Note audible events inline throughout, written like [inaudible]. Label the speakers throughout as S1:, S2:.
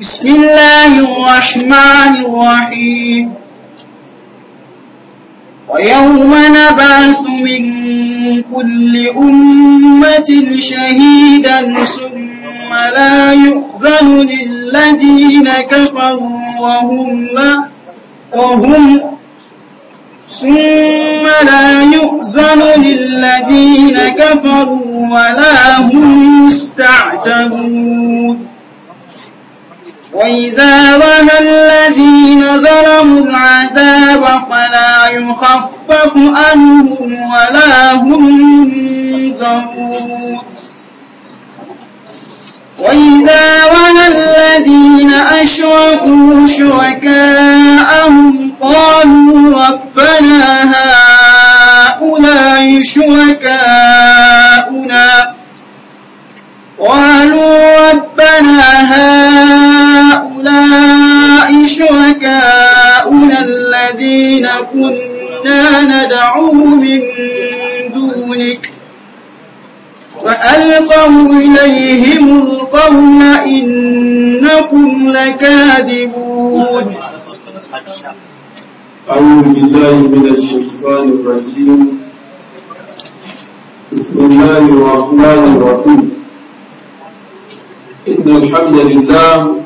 S1: بسم الله الرحمن الرحيم ويوم نبعث من كل أمة شهيدا ثم لا يؤذن للذين كفروا وهم لا وهم ثم لا يؤذن للذين كفروا ولا هم يستعتبون وإذا رأى الذين ظلموا العذاب فلا يخفف عنهم ولا هم يُنْظَرُونَ وإذا رأى الذين أشركوا شركاءهم قالوا ربنا هؤلاء شركاؤنا قالوا ربنا هؤلاء شركاؤنا الذين كنا ندعو من دونك فألقوا إليهم القول إنكم لكاذبون
S2: أعوذ بالله من الشيطان الرجيم بسم الله الرحمن الرحيم إن الحمد لله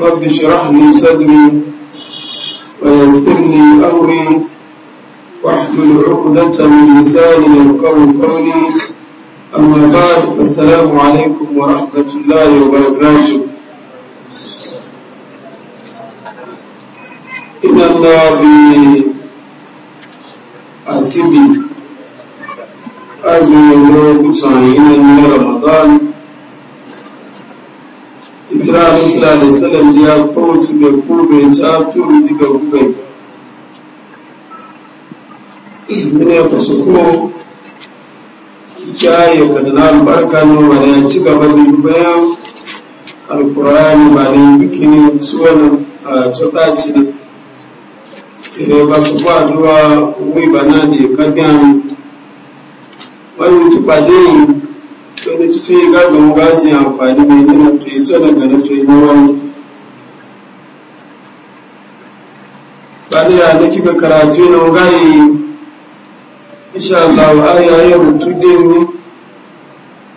S2: رب اشرح لي صدري ويسر لي أمري واحلل عقدة من لساني يفقهوا قولي أما بعد فالسلام عليكم ورحمة الله وبركاته إن الله بحسبي أزمن الله بصعين من رمضان itira alisira da sanar ya kowace ga kube ta turu diga kube mene ya kusa ko kyaye kadana albarka ne ba ya ci gaba da bayan alkurani ba ne bikini suwan a cota ci ne ile ba su kwa duwa wai ba na da ya kabiya wani mutu ba ci ce ga ga mu gaji amfani mai ne na tuyi so daga na tuyi na wani bani ya da kika karatu na gayi insha Allah wa aya ya rutu ne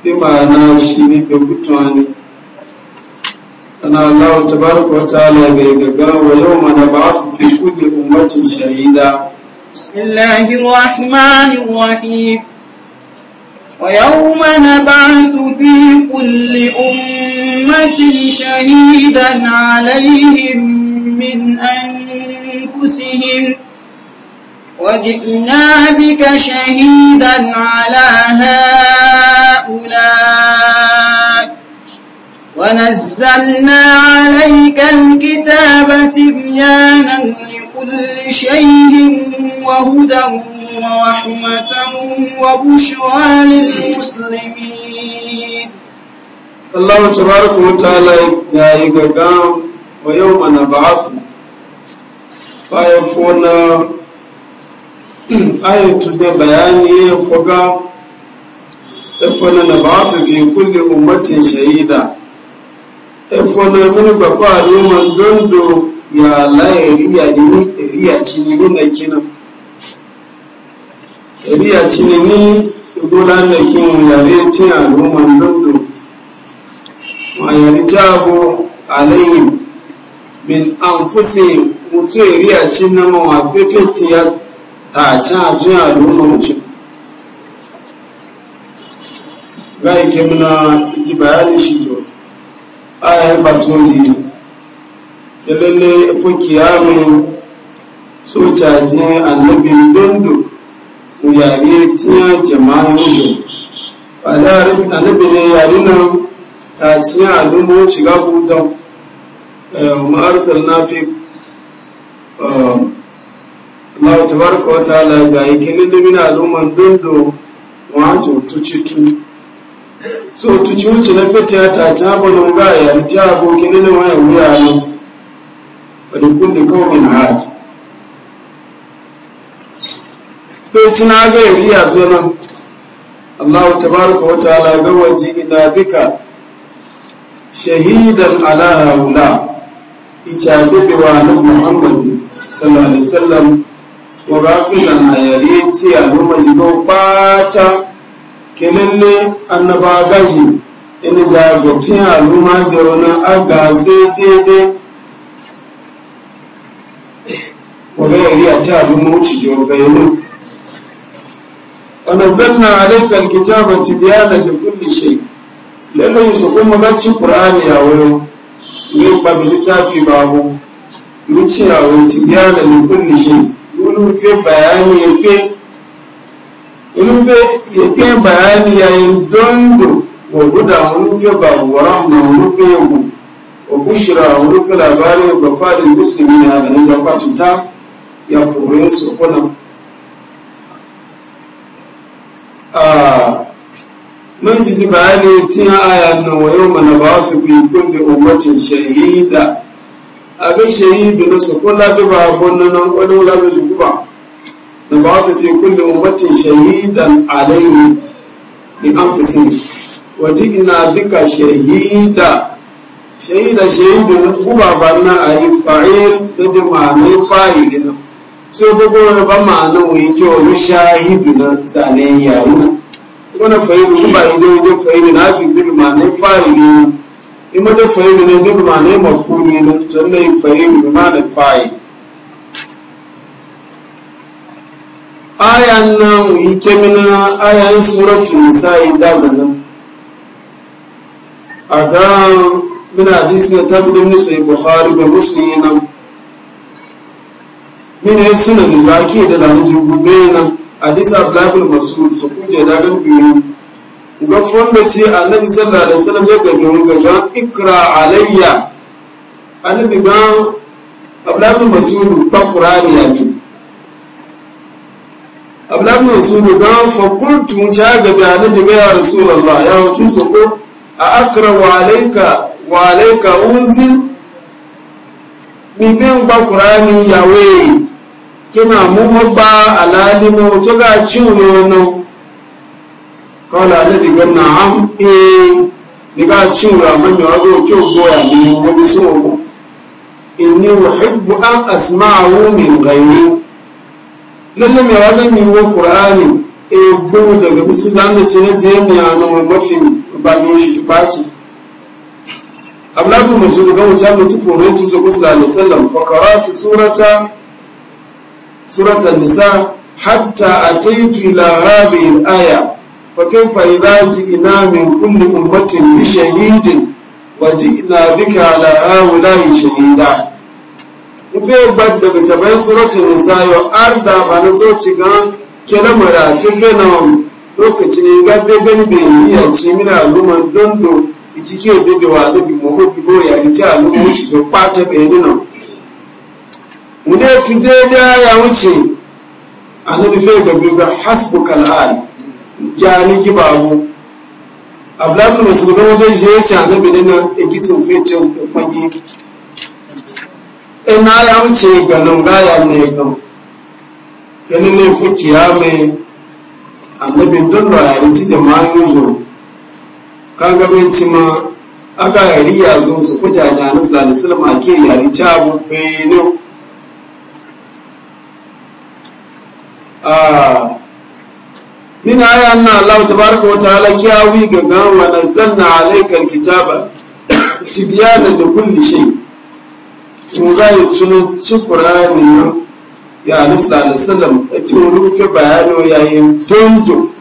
S2: bi ma'ana shi ne bi mutuwani ana Allah tabaraka wa ta'ala bai gaga wa yau ma na ba su fi kulle ummatin shahida
S1: بسم الله الرحمن الرحيم ويوم نبعث في كل أمة شهيدا عليهم من أنفسهم وجئنا بك شهيدا على هؤلاء ونزلنا عليك الكتاب تبيانا لكل شيء وهدى منه رحمة وبشرى للمسلمين
S2: الله تبارك وتعالى يا إيغام ويوم [clears throat] نبعث فيكون آية بياني فوقا efona na ba su fi kulle ummatin shahida efona mini bakwa al'umman dondo ya la eriya dini eriya ci ni nuna kinan shari'a ci ne ni dola da kin yare ci al'umman londo ma yare ta abu alayhim min anfusi mutu iriya ci na mawa fefeti ya ta ci a ci al'umman mutu ga ike muna ji bayani shi to ayar batoji ta lalle fukiya mai so cajin yare tiya jama'in shi ba da annabi ne yare nan ta ciya alumu shiga hudan eh, ma'arsar na fi um, Allah ta baraka wa ta'ala ga yake ni limin aluman dondo wato tucitu so tuci wuce na fita ta ci abu na ga yari, ci abokin ne na waya wuya ne wadda kun da kawai na hajji bai ci na ga yau iya zo nan Allah tabaraka wa ta'ala ga waji ina bika shahidan ala haula icha bibi wa na Muhammad sallallahu alaihi wasallam wa rafizan ayari ti al'umma jibo bata kenenne annaba gaji in za ga zaune a goma gase daidai wa ga yari a ta al'umma wuce jiwa bayanin ونزلنا عليك الكتاب تبيانا لكل شيء lallai su kuma bacci ƙur'ani a wayo ne ba bi littafi ba mu muci a wayo tibiyana bayani ya fe wani fe bayani ya yi dondo wa guda wani fe ba wa rahama wani fe ya labari ba fadin musulmi na ya fure ci ji bayani tin aya nan wa yau mana ba su fi kulli ummatin shahida abin shahidu na su kula bi ba gonna nan wani wula su kuma kuba na ba su fi kulli ummatin shahidan an fi anfusihim wa ina duka shahida shahida shahidu na kuma ba na yi fa'il da da ma'anin fa'ilina so gogo ba ma'anin wai kyau shahidu na zanen yaruna wani fa'ilu ba dai da fa'ilu na fi bil ma'anai ne, in dai fa'ilu ne bil ma'anai mafuli ne tallai fa'ilu bi ma'anai fa'ili ayan nan yi kemina ayan suratul nisa'i da zanan a ga muna hadisi na tatu da nisa bukhari da muslim nan mine sunan da ake da lalajin gube nan hadisa abdullah mas'ud su kuje da ga biyu ga fonda ce annabi sallallahu alaihi wasallam ya ga biyu ga ga ikra alayya annabi ga abdullah bin mas'ud ba qur'ani ya bi abdullah bin mas'ud ga fa qultu ta ga bi annabi ga rasulullah ya wuce su ko a akra wa alayka wa alayka unzil mi ben ba qur'ani ya wei kina mumu ba alalimu to ga ciwo no kala ne diga na am e eh, diga ciwo amma mi wago to goya ni wani so ko inni uhibbu an asma'u min ghairi lalle mi wago mi wo qur'ani e gumu daga bisu zanda ce ne je mi anu mafi ba mi shi tubaci ablabu musul ga wuta mutu fure tu sallallahu alaihi wasallam fa qara'tu surata سورة النساء حتى أتيت إلى aya, الآية فكيف ina min من كل shahidin بشهيد ina بك على هؤلاء shahida. nufe gbadda ga tabayin suratun nisa yau arda ba na tsoci ga kelamara fefe na lokacin gabe gani bai iya ce mina aluman dondo icike bebe wa alibi mahobi bo ya rice alumun shi bai kwata bai nuna wune tu daidai ya wuce annabi fai ga biyu ga hasbu kal'al ya ni gibabu abdullahi masu gudan wajen shi ya ce annabi ne e e na egitin fai ce kwanye ya wuce ga nan ne ne fi kiyame annabi don da ya jama'an yuzo ka ga aka ya zo su kujaja na sallallahu alaihi ake yari ta abu Ah, min aya na Allah tabaraka wa ta'ala kiyawi ga ga wa nazzalna alayka alkitaba [coughs] tibyana li kulli shay mu ga yi tunu ci qur'ani nan ya annabi sallallahu alaihi wasallam a ci rufe bayano yayin tuntu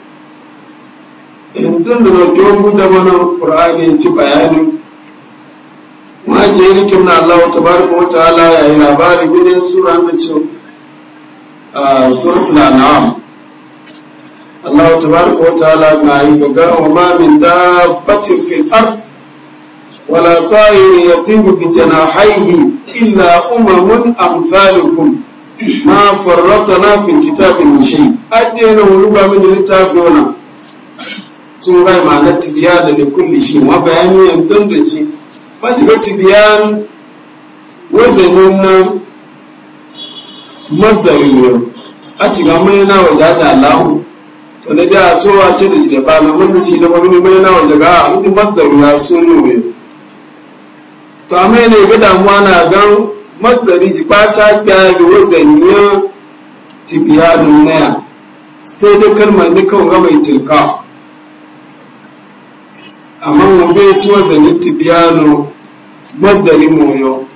S2: in tun da jogu da mana qur'ani ci bayani ma je rikin na Allah tabaraka wa ta'ala yayin labari gidan sura da cewa suratul an'am Allah tabaraka wa ta'ala ma yi gaga wa ma min dabbatin fil ard wala ta'irin yatimu bi janahihi illa umamun amsalukum ma farratna fil kitabi min shay adena wuluba min littafi wana sun rai ma na tibiya da likulli shi wa bayani yan dan da shi ma tibiyan wazanin nan masdarin yau a cika mai na waje da allahu to na da cewa ce da jide ba na wanda ci da wani mai na waje ga a mutum masdarin ya so ne to a mai ne ga damuwa na gan masdari ji ba ya ga da wazaniyar tibiyanin naya sai dai kalmar ne kawai gama mai tilka amma mu bai tuwa tibiya tibiyano masdarin moyo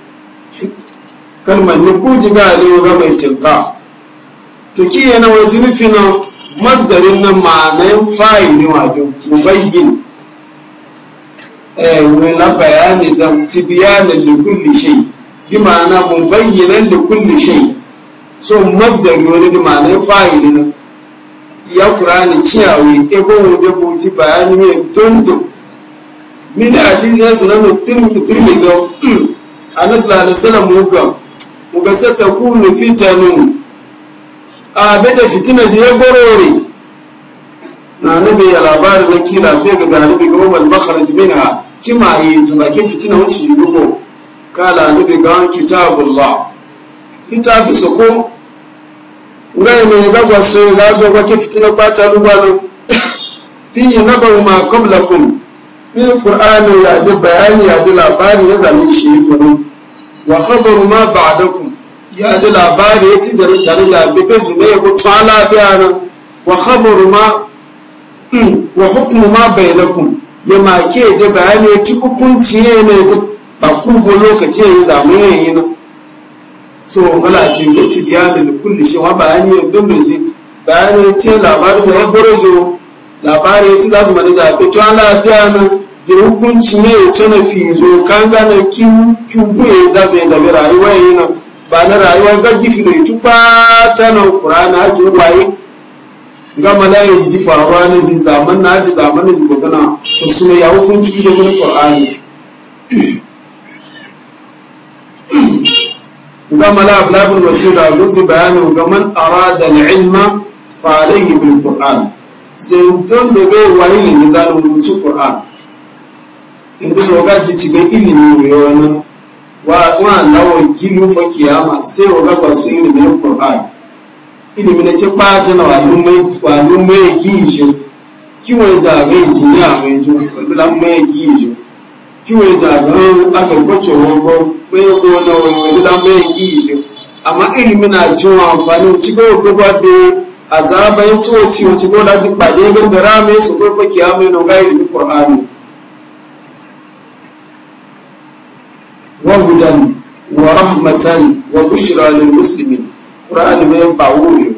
S2: kalmar ni ku ji gali wa gama tilka to ki yana wa zunufi nan masdarin nan ma'anayin fa'il ne wa bin mubayyin eh wala bayani da tibyanan li kulli shay bi ma'ana mubayyinan li kulli shay so masdar wani da ma'anayin fa'il ne ya qur'ani ciyawi ebo wode bo ti bayani ne tondo min hadisi sunan tirmidhi A nasarar sallallahu alaihi wasallam muga takunu fitanun abeda fitina ziye gorori na nabi ya labari na kila fiye ga ga makharaj minha kima yi zuba ke fitina wuce yugo kala nabi ga kitabullah kitabi soko ngai ga gwaso ga ga ke fitina kwata lugwano fihi nabawu ma qablakum min qur'ani ya da bayani ya da ya shi to wa khabaru ma ba'dakum ya ji labari ya ci zarin tare zabe bai su ne ko tsala biya nan wa khabaru ma hmm, wa hukmu ma bainakum ya make da bayani ya ci hukunci ne ko ba ku go lokaci ya zamu ne yin so wala ce ko ci biya da kulli shi wa bayani ya dole ji bayani ya ce labari ya gorojo labari ya ci zasu mani zabe tsala biya nan da hukunci ne ya tuna fizo kan gane kin buye da sai da bi rayuwa yi na ba na rayuwa ga gifi da itu ta nan qur'ana haji wayi ga malai ji ji faruwa ne ji zaman na ji zaman ji magana to su ya hukunci da gurin qur'ani ga malai ablabul da gudu bayani ga man arada da ilma fa alayhi bil qur'an sai don da ga wani ne zalim rubutu qur'ani in bisa waga ilimi ilimin riyonin wa lawa gilu fa kiyama sai waga ba su ilimin qur'an ilimin ke bata na walumai walumai gijo kiwon jaga injiniya mai jo walumai mai gijo kiwon jaga aka kwace wogo mai ko na walumai mai gijo amma ilimi na jin amfani ci ko ko ba azaba ya ciwo ciwo ci ko da ji pade gan da rame su ko fa kiyama na ga ilimin qur'ani وهدى ورحمة وبشرى للمسلمين قرآن ما يبعوه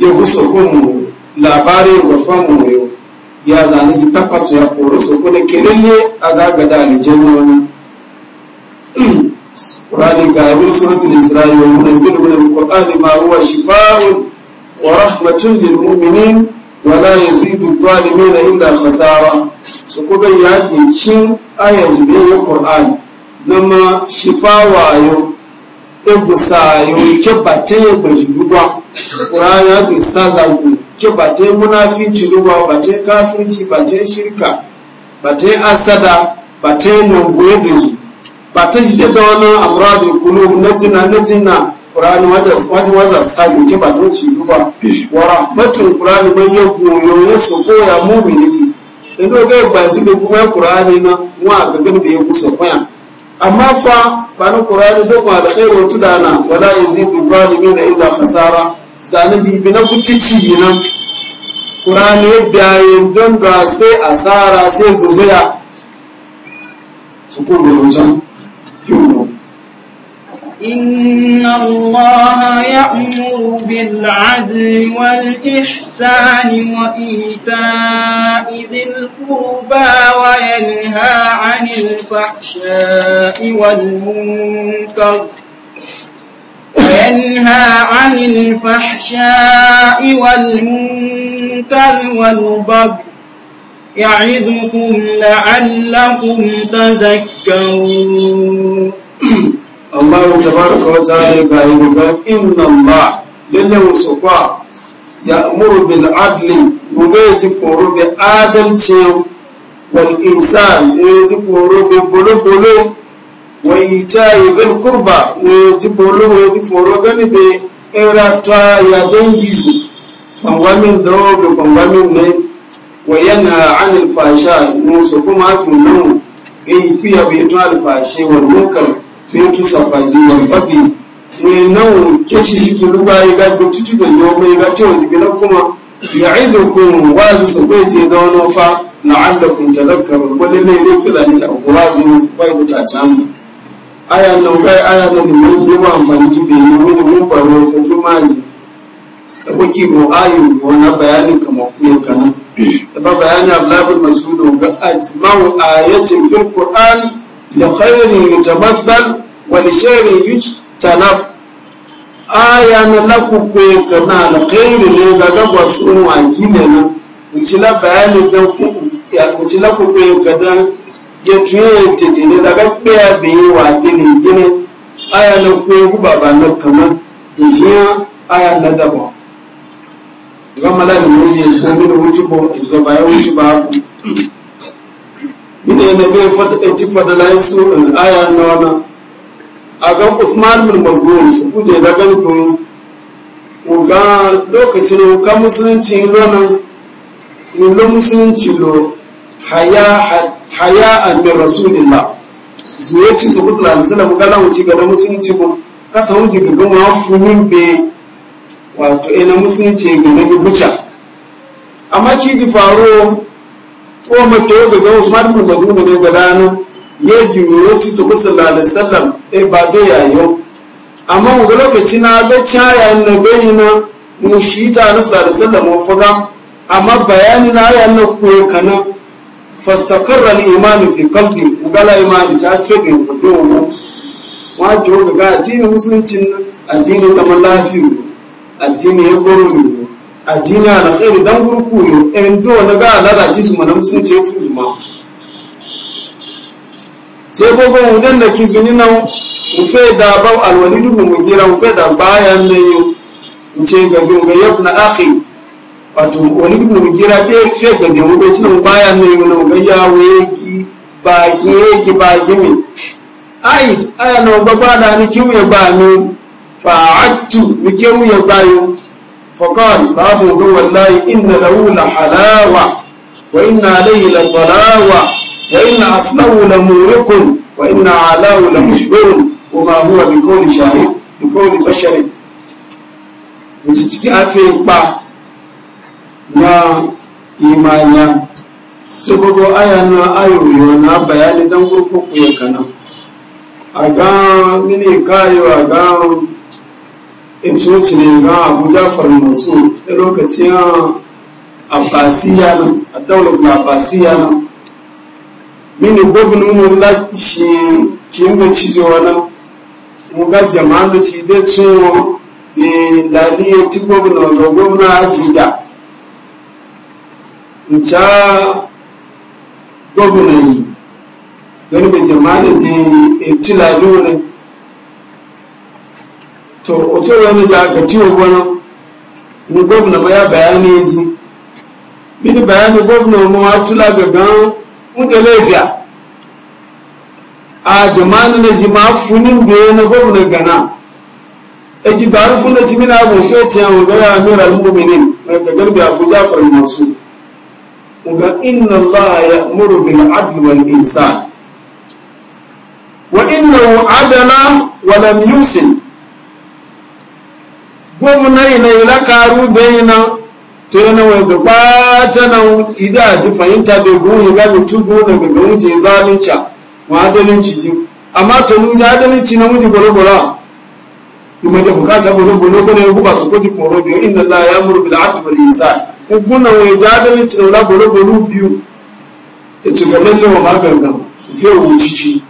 S2: يبسكم labari ga famu ya zane shi takwas ya kori su kuma kelele a zagada alijan wani Qur'ani ga abin suratul Isra'i wa munazzilu min al-Qur'ani ma huwa shifaa'un wa rahmatun lil mu'minin wa la yazidu adh-dhalimina illa khasara su kuka yaƙi cin ayar jibirin ƙor'ani na ma shifawa yau egusa yau ke bate gbaji ruwa ƙor'ani ya fi sa zagu ke bate munafinci ruwa bate kafirci bate shirka bate asada bate nangoye da ji bate jide da wani amuradun kulu na jina na jina ƙor'ani wajen wajen sa yau ke bate wuce ruwa wa rahmatun ƙor'ani mai yau ya so koya mumini ji ino ga gbaji da kuma qur'ani na wa ga gan da ya kusa kwaya amma fa ba na qur'ani da kuma alkhairu tudana wala yazidu zalimina illa khasara sani ji bi na kutici nan qur'ani ya biyaye don ga sai asara sai zuzuya
S1: إن الله يأمر بالعدل والإحسان وإيتاء ذي القربى وينهى عن الفحشاء والمنكر وينهى عن الفحشاء والمنكر والبغي يعظكم لعلكم
S2: تذكرون Allah tabaraka wa ta'ala ga yi ga inna Allah lalle wasu kwa ya amuru bil adli muga ya ji foro bi adalci wal insan ya ji foro bi bolo bolo wa ita'i bil qurba ya ji bolo ya ji foro gani bi ta ya dangi su kwangwamin da ga kwangwamin ne wa yana anil fasha musu kuma tunan in fiya bai tuwa da fashe wal munkar fenki safaji wal fadli ne nan ke shi shi ki luga ya ga gututu da yau mai ga cewa jibina kuma ya'idukum wazu su bai je da wani fa la'allakum tadhakkarun wani ne ne fi zani ta ku wazu su bai buta can aya nan bai aya nan ne ji ba amfani ki bai yi wani mun baro fa zai. da kuke ko ayu wani bayani kamar ku kana da ba bayani Abdullah bin Mas'ud ga ajma'u ayatin fil Qur'an لخير يتمثل ولشر يجتنب aya na lakukwe kana alkhairi ne zaga ba su a gina nan ucila bayani zan ya ucila kukwe kada ya tuye tete ne daga kpeya bayi wa gine gine aya na kwe guba ba kama da zuwa aya na daba daga malami ne ya komi da wuce ba izaba ya wuce ba ku ina na bai fada eh, ci fada layi su eh, aya na wana a ga usman bin mazmun su kuje da ganto ga lokacin ka musulunci lona lo musulunci lo haya haya an min rasulillah ci su musulun alisalam gana wuce ga na musulunci ko kasa wuce ga gama funin be wato ina eh, musulunci ga na bi huca amma kiji ji faro ko mato ga ga Usman ibn Mazmun ne ga dano ya ya ci su sallallahu alaihi wasallam e eh, ba be yayo amma mu ga lokaci na ga caya annabi na mu shi ta na sallallahu alaihi wasallam mu amma bayani na ya na ko kana fastaqarra al-iman fi qalbi ugala iman ta ce ga do mu wa jo ga addinin musulunci addinin zaman lafiya addinin ya goro addini khairu dan gurku ne en do na ga lada ki su manam sun ce tu zuma sai gogo mudan da ki zuni mu fe da ba alwalidu mu mugira mu fe da bayan ne yo mu ce ga ga yabna akhi wato wani mu mugira dai ke ga mu bai cin bayan ne mu nan ga yawe ki ba ki ki ba ki mi ait aya no baba da ni kiwe ba ni fa'attu mi kiwe ba yo فقال بابو دو والله إن له لحلاوة وإن عليه لطلاوة وإن أصله لمورق وإن علاه لمشبر وما هو بكون شاهد بكون بشر وتتكي أفي با يا إيمانيا saboda aya na ayo yana bayani don gurkuku ya kana a ga mini kayo a itoci e ne ga abu jafar mansur a e lokacin ah, abbasiya nan a daular abbasiya nan mini gwamnonin lashi kin da cijewa nan mu jama'a da ci da tsohon laliya ti gwamna ga gwamna ajida nca gwamna yi gani da jama'a da je tilali e wani to otu wani ja ji tiyo gwano ni gọvanọ ma ya bayani ji mini bayani gọvanọ ma wa tula ga gan muda lafiya a jamani na ji ma funin biye na gọvanọ gana e ji ba rufin da ci mina abu feti yawon ga ya amira al-muminin ga garbi abu jafar masu ga inna allaha ya'muru bil adli wal ihsan wa innahu adala wa lam yusin mamu na ina ila karu bayina to yana wa da ta nan ida ji fahimta da goyi ga mutu go da ga muje zalunci wa adalunci ji amma to mun ja adalunci na muje gorogora ni mai da bukata gorogoro ko ne ku ba su kodi foro bi inna la ya'muru bil 'adli wal ihsan ku kuna wa ja adalunci na gorogoro biyu e ci ga lalle wa maganga to fi wo cici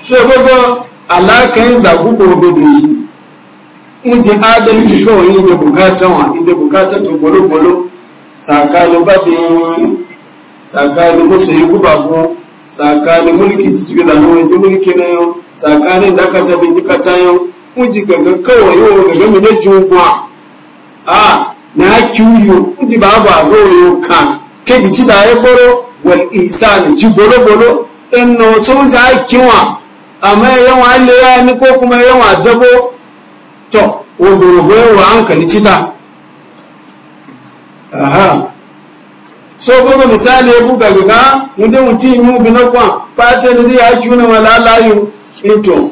S2: sai gogo alakan zagu gobe da biyu muje adalci kawai inda bukatan wa inda bukatan to bolo bolo tsakanin babin tsakanin masoyi guba ko tsakanin mulki cikin da nawa ji mulki na yau tsakanin da aka tabi kika ta yau muje gaga kawai yau gaga mu ne jugwa a na kiyo muje ba ba goyo ka ke bici da ya boro wal isa ne ji bolo bolo en no so ja kiwa amma yawan Allah ya ni ko kuma yawan dabo to wogorogoyin wa hankali cita aha so gbogbo misali ya buga gaga wunde mutum yi mubi na kwan fata da dai haki wuna ma yu into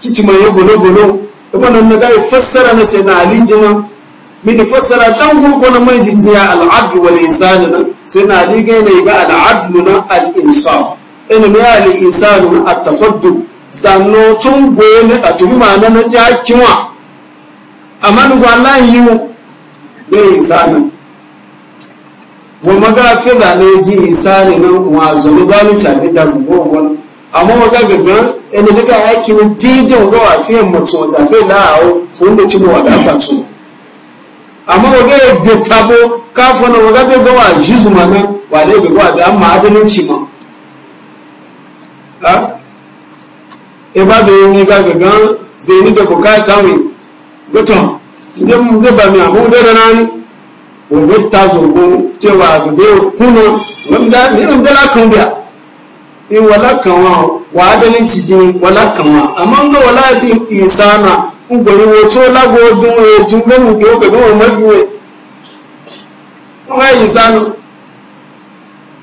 S2: kici mai ya golo-golo kuma nan na gaya fassara na sai na ali jima mini fassara dan gurgu na mai jijiya al'adu wal insani nan sai na ali aligai na ga al'adu na al'insaf ina mai al'insani na at-tafaddu zanno tun goyo ne a tuhuma na na jakinwa amma nugu Allah yi da insani wa maga da ne ji insani na wa zuri da zubo wani amma waga gaga ina daga yaki wa jijin ga wa fi mace wata fi la'awo fun da ci wa dafa ci amma waga ya bi tabo kafin jizu ma nan wa dai ga wa da amma adalinci ma ha e ba da yi ni zai ni da bukata mai gata idan zai ba mai abu da rana ne wanda ta zogo cewa ga bai kuna wanda ne an dala kan biya in eh, wala kan wa wa adalci ji wala kan wa amma ga wala ti isana ugbori wo to lago dun e jun ganu ke o ke mo ma duwe wa isana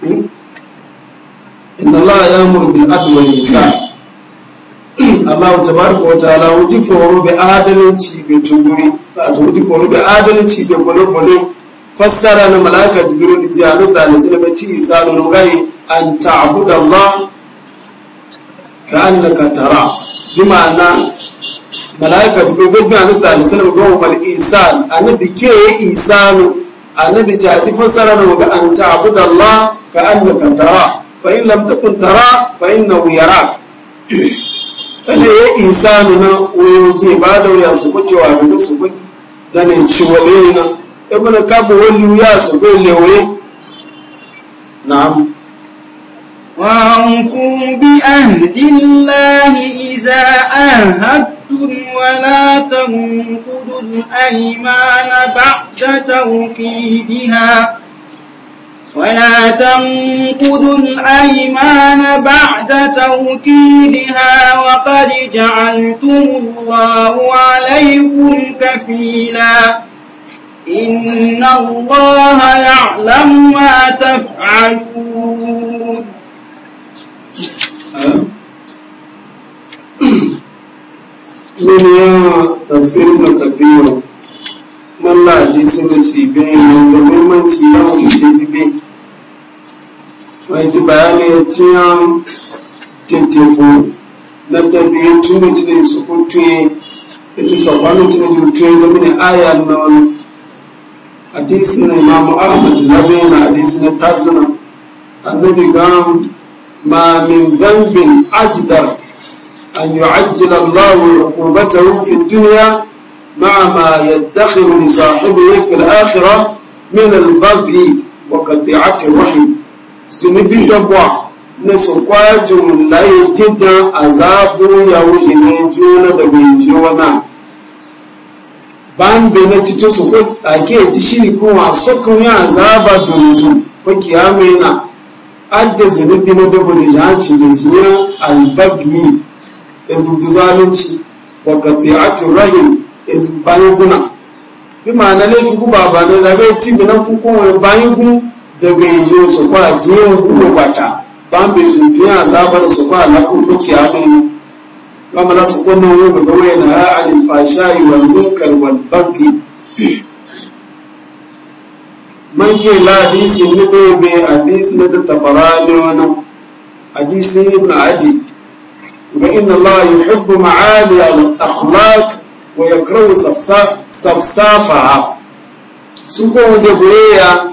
S2: hmm? inna allaha ya'muru bil adli wal ihsan Allah tabaraka wa ta'ala wuji foro bi adalci bi tuguri wato wuji foro bi adalci bi gwale-gwale fassara na malaka jibril ji a nusa da sinima ci isa da nugaye an ta'abuda Allah ka annaka tara bi ma'ana malaka jibril gudu a nusa da sinima goma mal isan annabi ke isanu annabi ta ji fassara na muga an ta'abuda Allah ka annaka tara fa in lam takun tara fa innahu yarak ɗane ya insanu na wayoji ba da wuya su kuke wa da su kuke zane ciwale na ibn kabu wani wuya su kuke na na'am وأوفوا بعهد الله إذا عاهدتم
S1: ولا تنقضوا الأيمان بعد توكيدها ولا تنقضوا الأيمان بعد توكيدها وقد جعلتم الله عليكم كفيلا إن الله يعلم ما تفعلون
S2: duniya tafsirin da kafiyo malla hadisi na ci bayan yadda muhimmanci yawon mutum bibi Mai ti bayani ya tiyan teteku dabdabi tuni cile su kutuye ita sakwani cile yutuye da mini aya na wani hadisi na imamu ahmad labe na hadisi na tazuna annabi gan ma min zambin ajdar an yu'ajjila allahu uqubatahu fi dunya مع ما يدخر لصاحبه min الآخرة من البغي وقطيعة الرحم zunubi dabwa na su kwajin layi tidda a zaɓo ya wuce ne juna da bai ji wana ban bai na cikin su ko ke ji shi kuma yi a zaɓa tuntun fa kiyama yana adda zunubi na dabo da jahanci da ziyar albabi da zubi zalunci wa kati'atu rahim da zubi bayan guna bi ma'ana laifin guba ba ne zaga tibinan tibi na kuku bayan guna daga yanzu su kwa jiyan kuma kwata ban bai zufi a sabar su kwa lakun fuki a nuna kama na su kwanan wuga ga wayan ha'alin fashayi wa munkar wal baggi man ke la hadisi ni bai bai hadisi na da tabara ne wani hadisi ibn adi ga inna allah yuhibbu ma'ali al akhlaq wa yakrahu safsafaha su ko da goyayya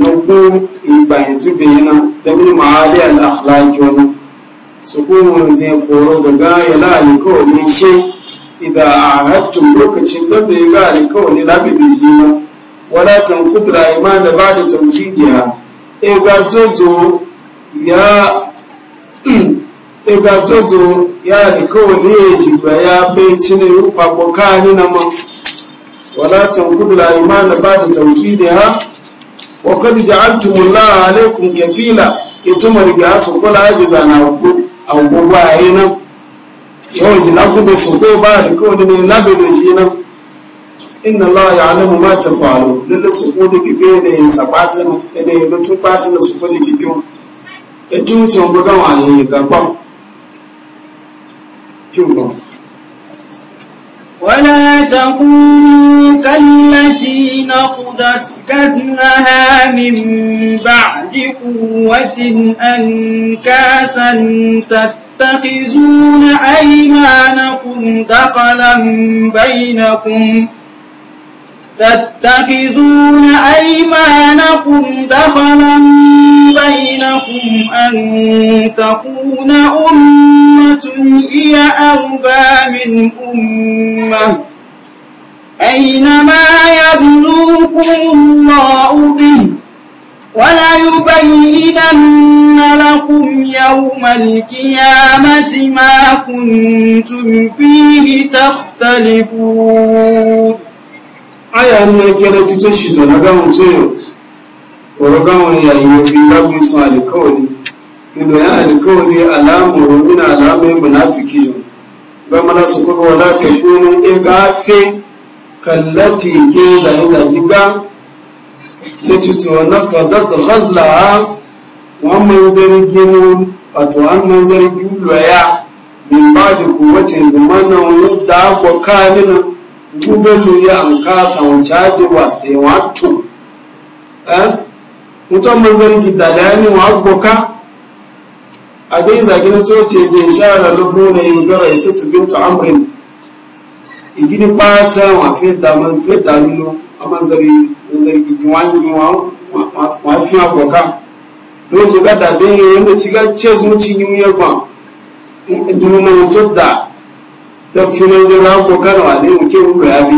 S2: na ku ibayin tube yana da wani ma'ali al'akhlaki wani su kuma je foro ga gaya kawai ne shi idan a hattun lokacin da bai ga alikawali labibi shi na wala tan kudra iman da ba da tauhidiya e ga jojo ya e kawai ne ya alikawali ya ya bai cine rufa ko na ma. wala tan kudra iman da ba da tauhidiya wa kad allah alaykum kafila ituma riga su kula haji zana ku agogo ayi nan yawan ji na gube su ko ba da kawai ne labe da ji nan inna allah ya'lamu ma taf'alu lalle su ko da kife ne sabatin ne da tubatin su ko da kife e tun tun gudan wani ga kwam kin ba
S1: ولا تكونوا كالتي نقضت كدنها من بعد قوة أنكاسا تتخذون أيمانكم دقلا بينكم تتخذون أيمانكم دخلا بينكم أن تكون أمة هي أربى من أمة أينما يبلوكم الله به وليبينن لكم يوم القيامة ما كنتم فيه
S2: تختلفون aya ni ẹgẹrẹ títún ṣìnà lágbàwọn tó yàn ọ̀rọ̀ gáwọn ìyàyìn òfin lágbọn san àlìkọ́ọ̀ ni nínú yà àlìkọ́ọ̀ ya aláàmùrù nínú aláàmùrù mùnáfìkì yàn gbàmọ́lá sọ láti kúrú ẹgbà fẹ́ kàlẹ́tì ké zàyẹ̀zàdígbà létútù ọ̀nà kọ̀dọ̀tù hosla ha wọn mẹ́nzẹ́rì gínú àtò wọn mẹ́nzẹ́rì gínú lọ́yà nígbà dìkú wọ́n ti zùmọ́ náà wọn yóò dá àgbọ̀ káà nínú tubelu ya nkasa wanchaje wase watu eh mutum manzari gidalani wa gboka abin zagin toce je shara lubu na yi gara ita tubintu amrin igini pata wa fi da man fi da lulu a manzari manzari wa wa fi gboka lo zo ga da be yanda ciga ce sun cinye yagba na mutum dakunan zira ko karwa ne muke wuri abi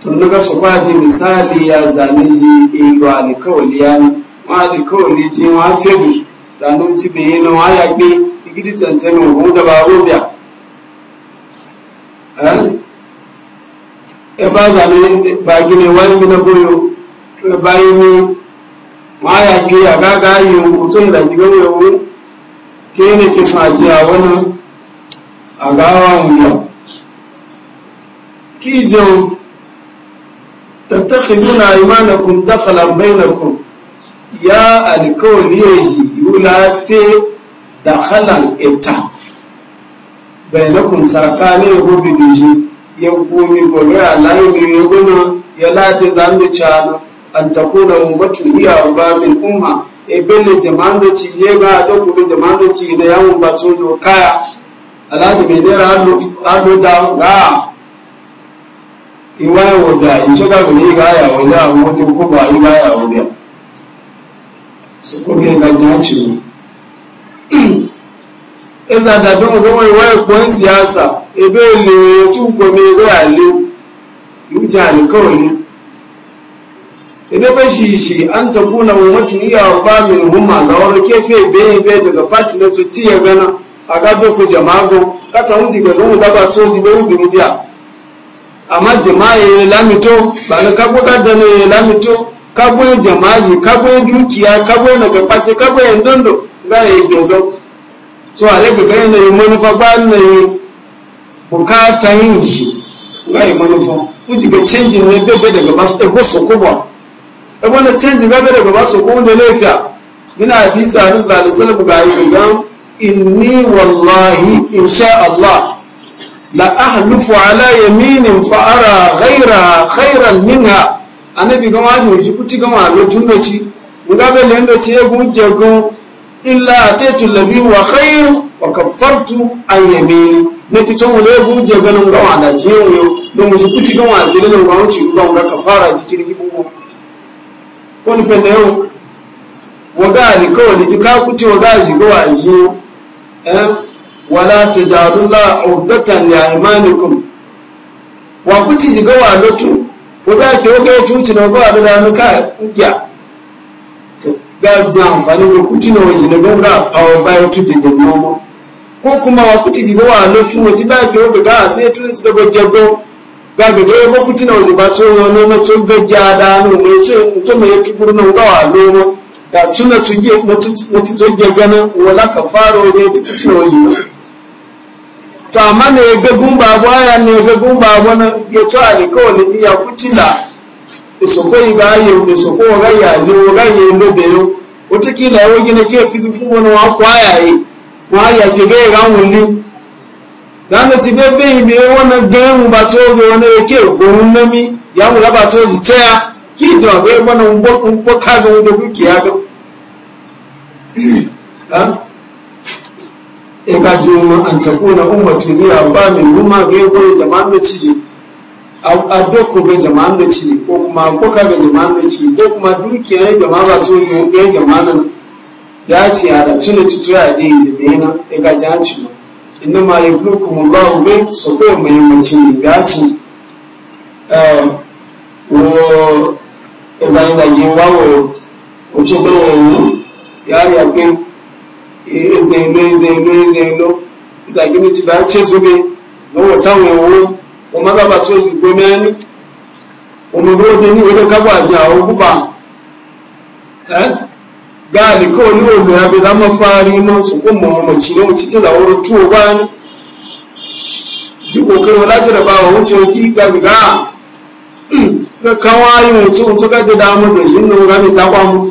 S2: tun daga su kwaji misali ya zane ji ilu eh, alikawali ya ni ma alikawali ji ma febi ranar ci bai na wa ya gbe igidi cancanin hu da ba rubiya eh? e ba zane ba gine wani mina goyo e bayi ni ma ya gbe ya gaga yi mutum da gigan yawon ke ne ke sun ajiya wani a òyà kí ìjẹun tattakiduna imanakum dakhala bainakum ya alkawli yaji yula fi dakhala ita bainakum sarkane go biduji ya komi gobe alayi ne ya ya lati zambi cana an takuna ummatu hiya ba min umma e belle jama'an da ci ne ga da kuma jama'an da ci ne ba to kaya aláti bèèrè alódá ráà ìwá ìwọ̀dà ìtọ́gbàgbò ní ìgáyàwó ní àwọn ní kúbà ìgáyàwó rẹ̀ sọkókè ìgbàjá chìrì ẹzà dàbí ọgbọ́n ìwá ẹ̀kọ́ ń sì àṣà ebe ènìyàn tún gbomi ewé àlè lújà nìkan ní idan bai shi shi an takuna kuna wa mutum iya ba min huma zawar kefe bai bai daga fati na tutti ya gana agado jamaago jamago kata wuti ga mu zaba to di be wuti mudia amma jama'a lamito ba kabo kada ne lamito kabo jama'i kabo dukiya kabo na gabace kabo ndondo ga so ale ga ga ne manufa ba ne bukata yin shi ga manufa wuti ga change ne bebe daga basu e ba e wannan change ga bebe daga basu ne lafiya ina a nan da inni wallahi insha Allah la ahlufu ala yaminin fa'ara ara ghaira khairan minha anabi gama ji ji kuti gama lo tundoci ngabe lendo ci egun jegun illa atatu alladhi wa khair wa kaffartu an yamini neti to mule egun jegun ngawa da jiyo yo do mu kuti gama ji lendo ngawo ci ngawo da kafara ji kiri ko ni pendeo waga ni ko ni ka kuti waga ji go ajiyo Eh? wala tajalula urdatan ya imanikum wa kuti jiga wa lotu ko ga to ga tuci na ba da na ka ya to ga ja amfani ko kuti na waje na ga power by to the normal ko kuma wa kuti jiga wa lotu wace ba to ga sai tun su da gaggego ga ga ga ko kuti na waje ba to no no to ga ja da no ne to to me tukuru na ga wa lomo da tuna tuge mutu tuge ganin wala ka faro ne tukuti na wajen to amma ne ya gagun babu aya ne ya gagun babu wani ya ci a ne kawai ne kuti da isoko yi iga ayo isoko waga ya ne waga ya ne yau watakila ya wagi na ke fitu fun wani wa kwayaye wa ya ke ga ya wuli na ti bebe yi ibe wani ganin ba ta ozo wani ya ke gorun nami ya mu ba ta ozo ta ya ki to akwai mana un ko ka ga da kuke ya ga ha e ka ji mu an ta kuna ummatu a abba min umma ga ko jama'an da ci a doko ga jama'an da ci ko kuma ko ka ga jama'an da ci ko kuma dukiya jama'a ba to yo ga jama'an ya ce a da cire tutu ya da yi da yana e ka ji an ci ma inna ma yablukumullahu bi so ko muhimmanci ne ya ce eh, ezanyizagi wawoyo ¿Eh? ocho bewenyu yaya pe ezendo ezendo ezendo izagi michi bachezube nowo sawewo omaga batsozugomeni omuntu wode ni wode kabwaje awo kuba gaali ko ni ono yabira amafaarimo sokomomo kino mukitira olotuwo bwani jikokera olatirabaawo nti ogigagiga ga kawai mutum mutu ga da damu da shi nan ga mai ta mu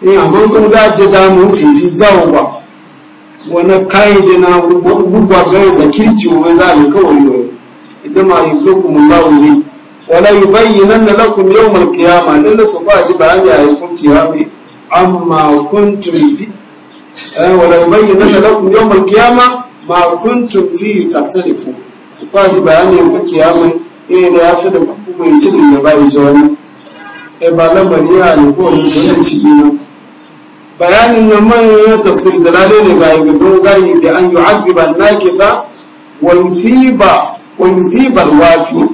S2: eh amma kun ga da damu ci shi zawo ba wani kai da na gugwa ga zakirci wa za mu kawai yo idan ma yublukum Allah ne wala yubayyinanna lakum yawm al-qiyamah da su ba ji ba a yi funki rabi amma kuntum fi eh, wala yubayyinanna lakum yawm al-qiyamah ma kuntum fi tatalifu su ba ji bayani a funki rabi eh da ya fi da kuma ya da ya bayi ji wani eh ba lamari ya wani wannan ciki ne bayanin nan manyan tafsir jalale ne ga gudun gayi da an yi agiban nakisa wa yusiba wafi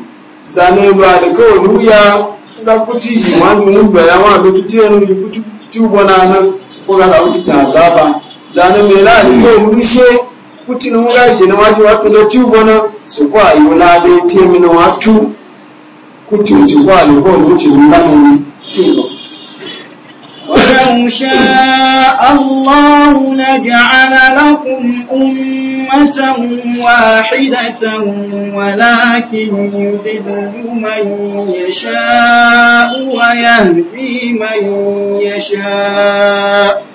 S2: sane ba da kawai duya da kuci ji ma ji mun baya ma da tuti yana ji kuci tubona na nan ko ga da wuce ta azaba zane mai la alƙawarin rushe kuti na muga shi na waje wato da tu bona su kwa yi da na watu kuti uci kwa ne ni uci ni ولو شاء
S1: الله لجعل لكم أمة واحدة ولكن يضل من يشاء ويهدي من يشاء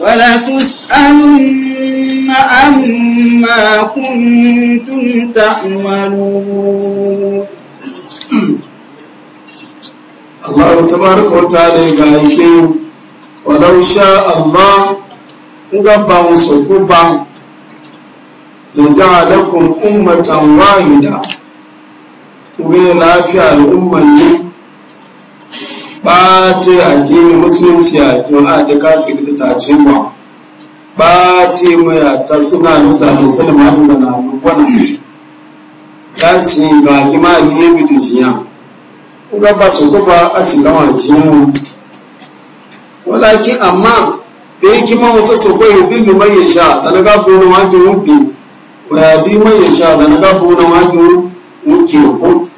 S1: ولتسألن عما كنتم تعملون
S2: الله تبارك وتعالى قال ولو شاء الله نقبع سقوبا لجعلكم أمة واحدة وبين الأمة ɓata addinin musulunci a jama'a da kafin da ta ce ba ɓata mai ta suna nisa da salama da na wannan ta ce ga gima biye bidu jiya kuma ba su kuma a ci gama jiyan walakin amma da ya kima wata su kwaye dillu mai ya sha da na gafi wani wajen rufe ko ya ji mai ya sha da na gafi wani wajen rufe ko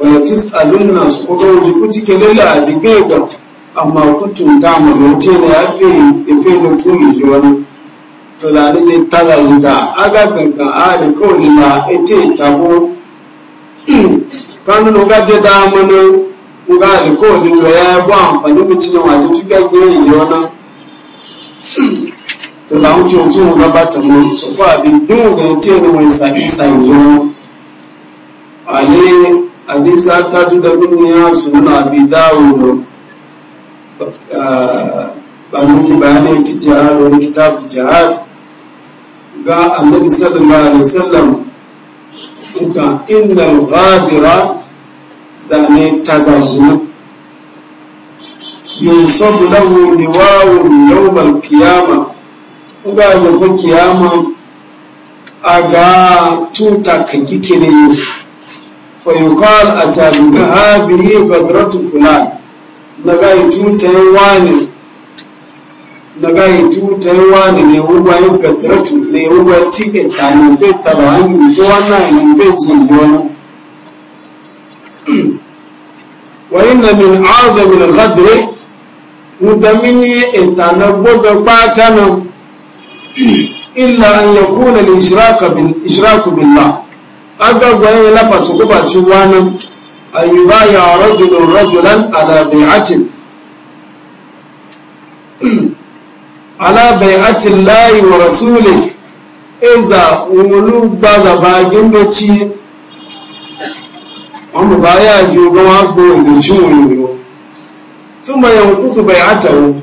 S2: wala tis'alunna su ko kuti kelela dige ga amma kuntum ta'malu te ne afi ife no tumi ji wani to ne zai taza zuta aga ganka a da kawai ma ete tabo kanu nga da ya bu amfani mu cinan wani mu abin hadisa ta ah, ji da min suna bi dawo ba miki bayanai ta jihar wani kitabu jihar ga annabi sallallahu alaihi wasallam kuka inda ghabira zane tazajina yunsabu lahu liwawun yawmal qiyama kuga zafa kiyama a ga tuta kan kikine yau فيقال أتابعها هذه بدرة فلان نغاي تيوان واني تيوان نيوبا يبدرة نيوبا يقدرة نيوغا تيكي تاني تلوان يزوانا ينفيت يزوانا [clears throat] وإن من أعظم الغدر مدمني إتانا بوغا باتانا [clears throat] إلا أن يكون الإشراك بالله agbagwa ya lafa su guba ci wani ayyuba ya rajulun rajulan ala bai'atin [clears throat] ala bai'atin layi wa rasuli iza wulu gbaza bagin da ci wanda ba ya ji ogun agbo da ci wani yiwu sun bayan kufu bai'atawo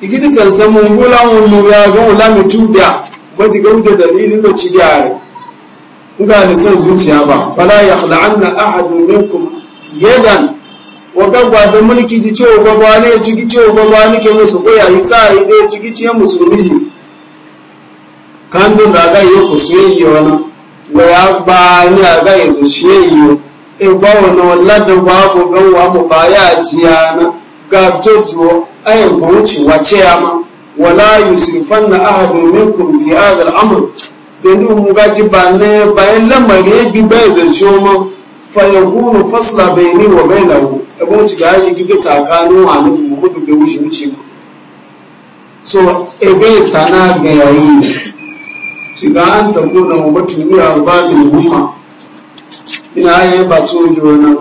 S2: igidi tansan mun gula wani ya ga wula mutu da wata gauda dalilin da ci gyara ga da zuciya ba fala ya na ahadun minkum yadan wa gagwa da mulki ji cewa gwagwa ne ya ciki cewa gwagwa ne ke musu ya yi sa yi da ya ciki ciye musulmi ji kan dun da ga yi ku suye yi wani wa ya ba ni a ga yi zuciye yi e ba wani wallah da ba ku gan mu ba ya jiya na ga tojo ayin gwamnati wace ya ma wala yusrifanna ahadun minkum fi hadha amur. zenu mu gaji ba ne bayan lamari ya bi bai zance mu fa yakunu fasla bayni wa bainahu abun ci ga shi giga tsakanin wani mu mudu da wuce wuce mu so ebe tana ga yayi shiga an tabo da mu batu ni arba min umma ina yi ba to wani,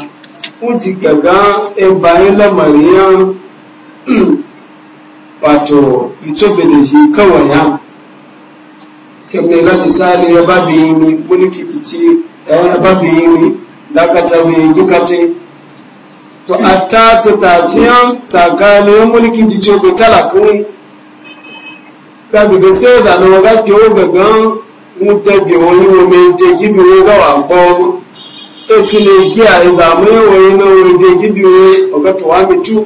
S2: mu ji gaga e bayan lamari ya [clears throat] wato ito bene shi kawai ya kemne la misali ya babi yimi mulki kici eh, ya babi yimi dakata bi gikati to atta to ta ciyan tsakanin mulki kici ko talakun ka bi se da no ga ke o gagan mu te bi o yi o me te bi o ga wa gbo e ti le gi yi no bi mi tu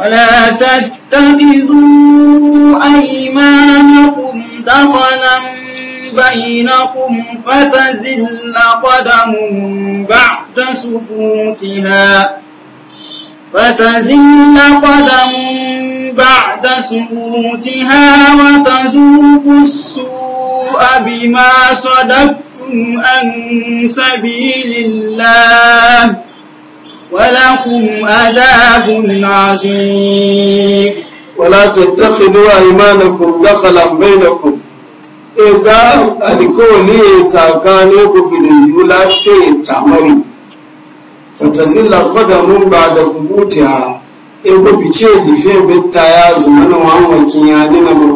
S2: ولا
S1: تتخذوا أيمانكم دخلا بينكم فتزل قدم بعد ثبوتها فتزل قدم بعد ثبوتها وتذوقوا السوء بما صددتم عن سبيل
S2: الله ولكم عذاب عظيم ولا تتخذوا أيمانكم دخلا بينكم ìgbà àdìkòwòlì ètà kan ní gbogbo ìlú láti ètà mọ́rì fọ̀tàsí làkọ́dà mú gba àdàfùgbùtì ha ego bice efe ebe taya zumana wanwa kinya nina mo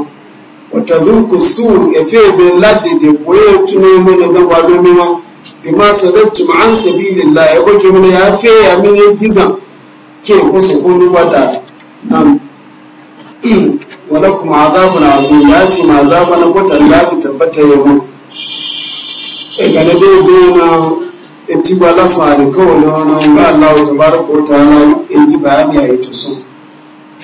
S2: wata zunku su bima sadattum an sabilillah ya kwake mana ya feya mini gizan ke kusa kunu wada nan walakum azabun azim ya ce ma ba na kwatan da ta tabbata ya mu e gane dai bai na eti ba la sa ni ko na na ga Allah tabaraka wa ta'ala in ji bayani ya yi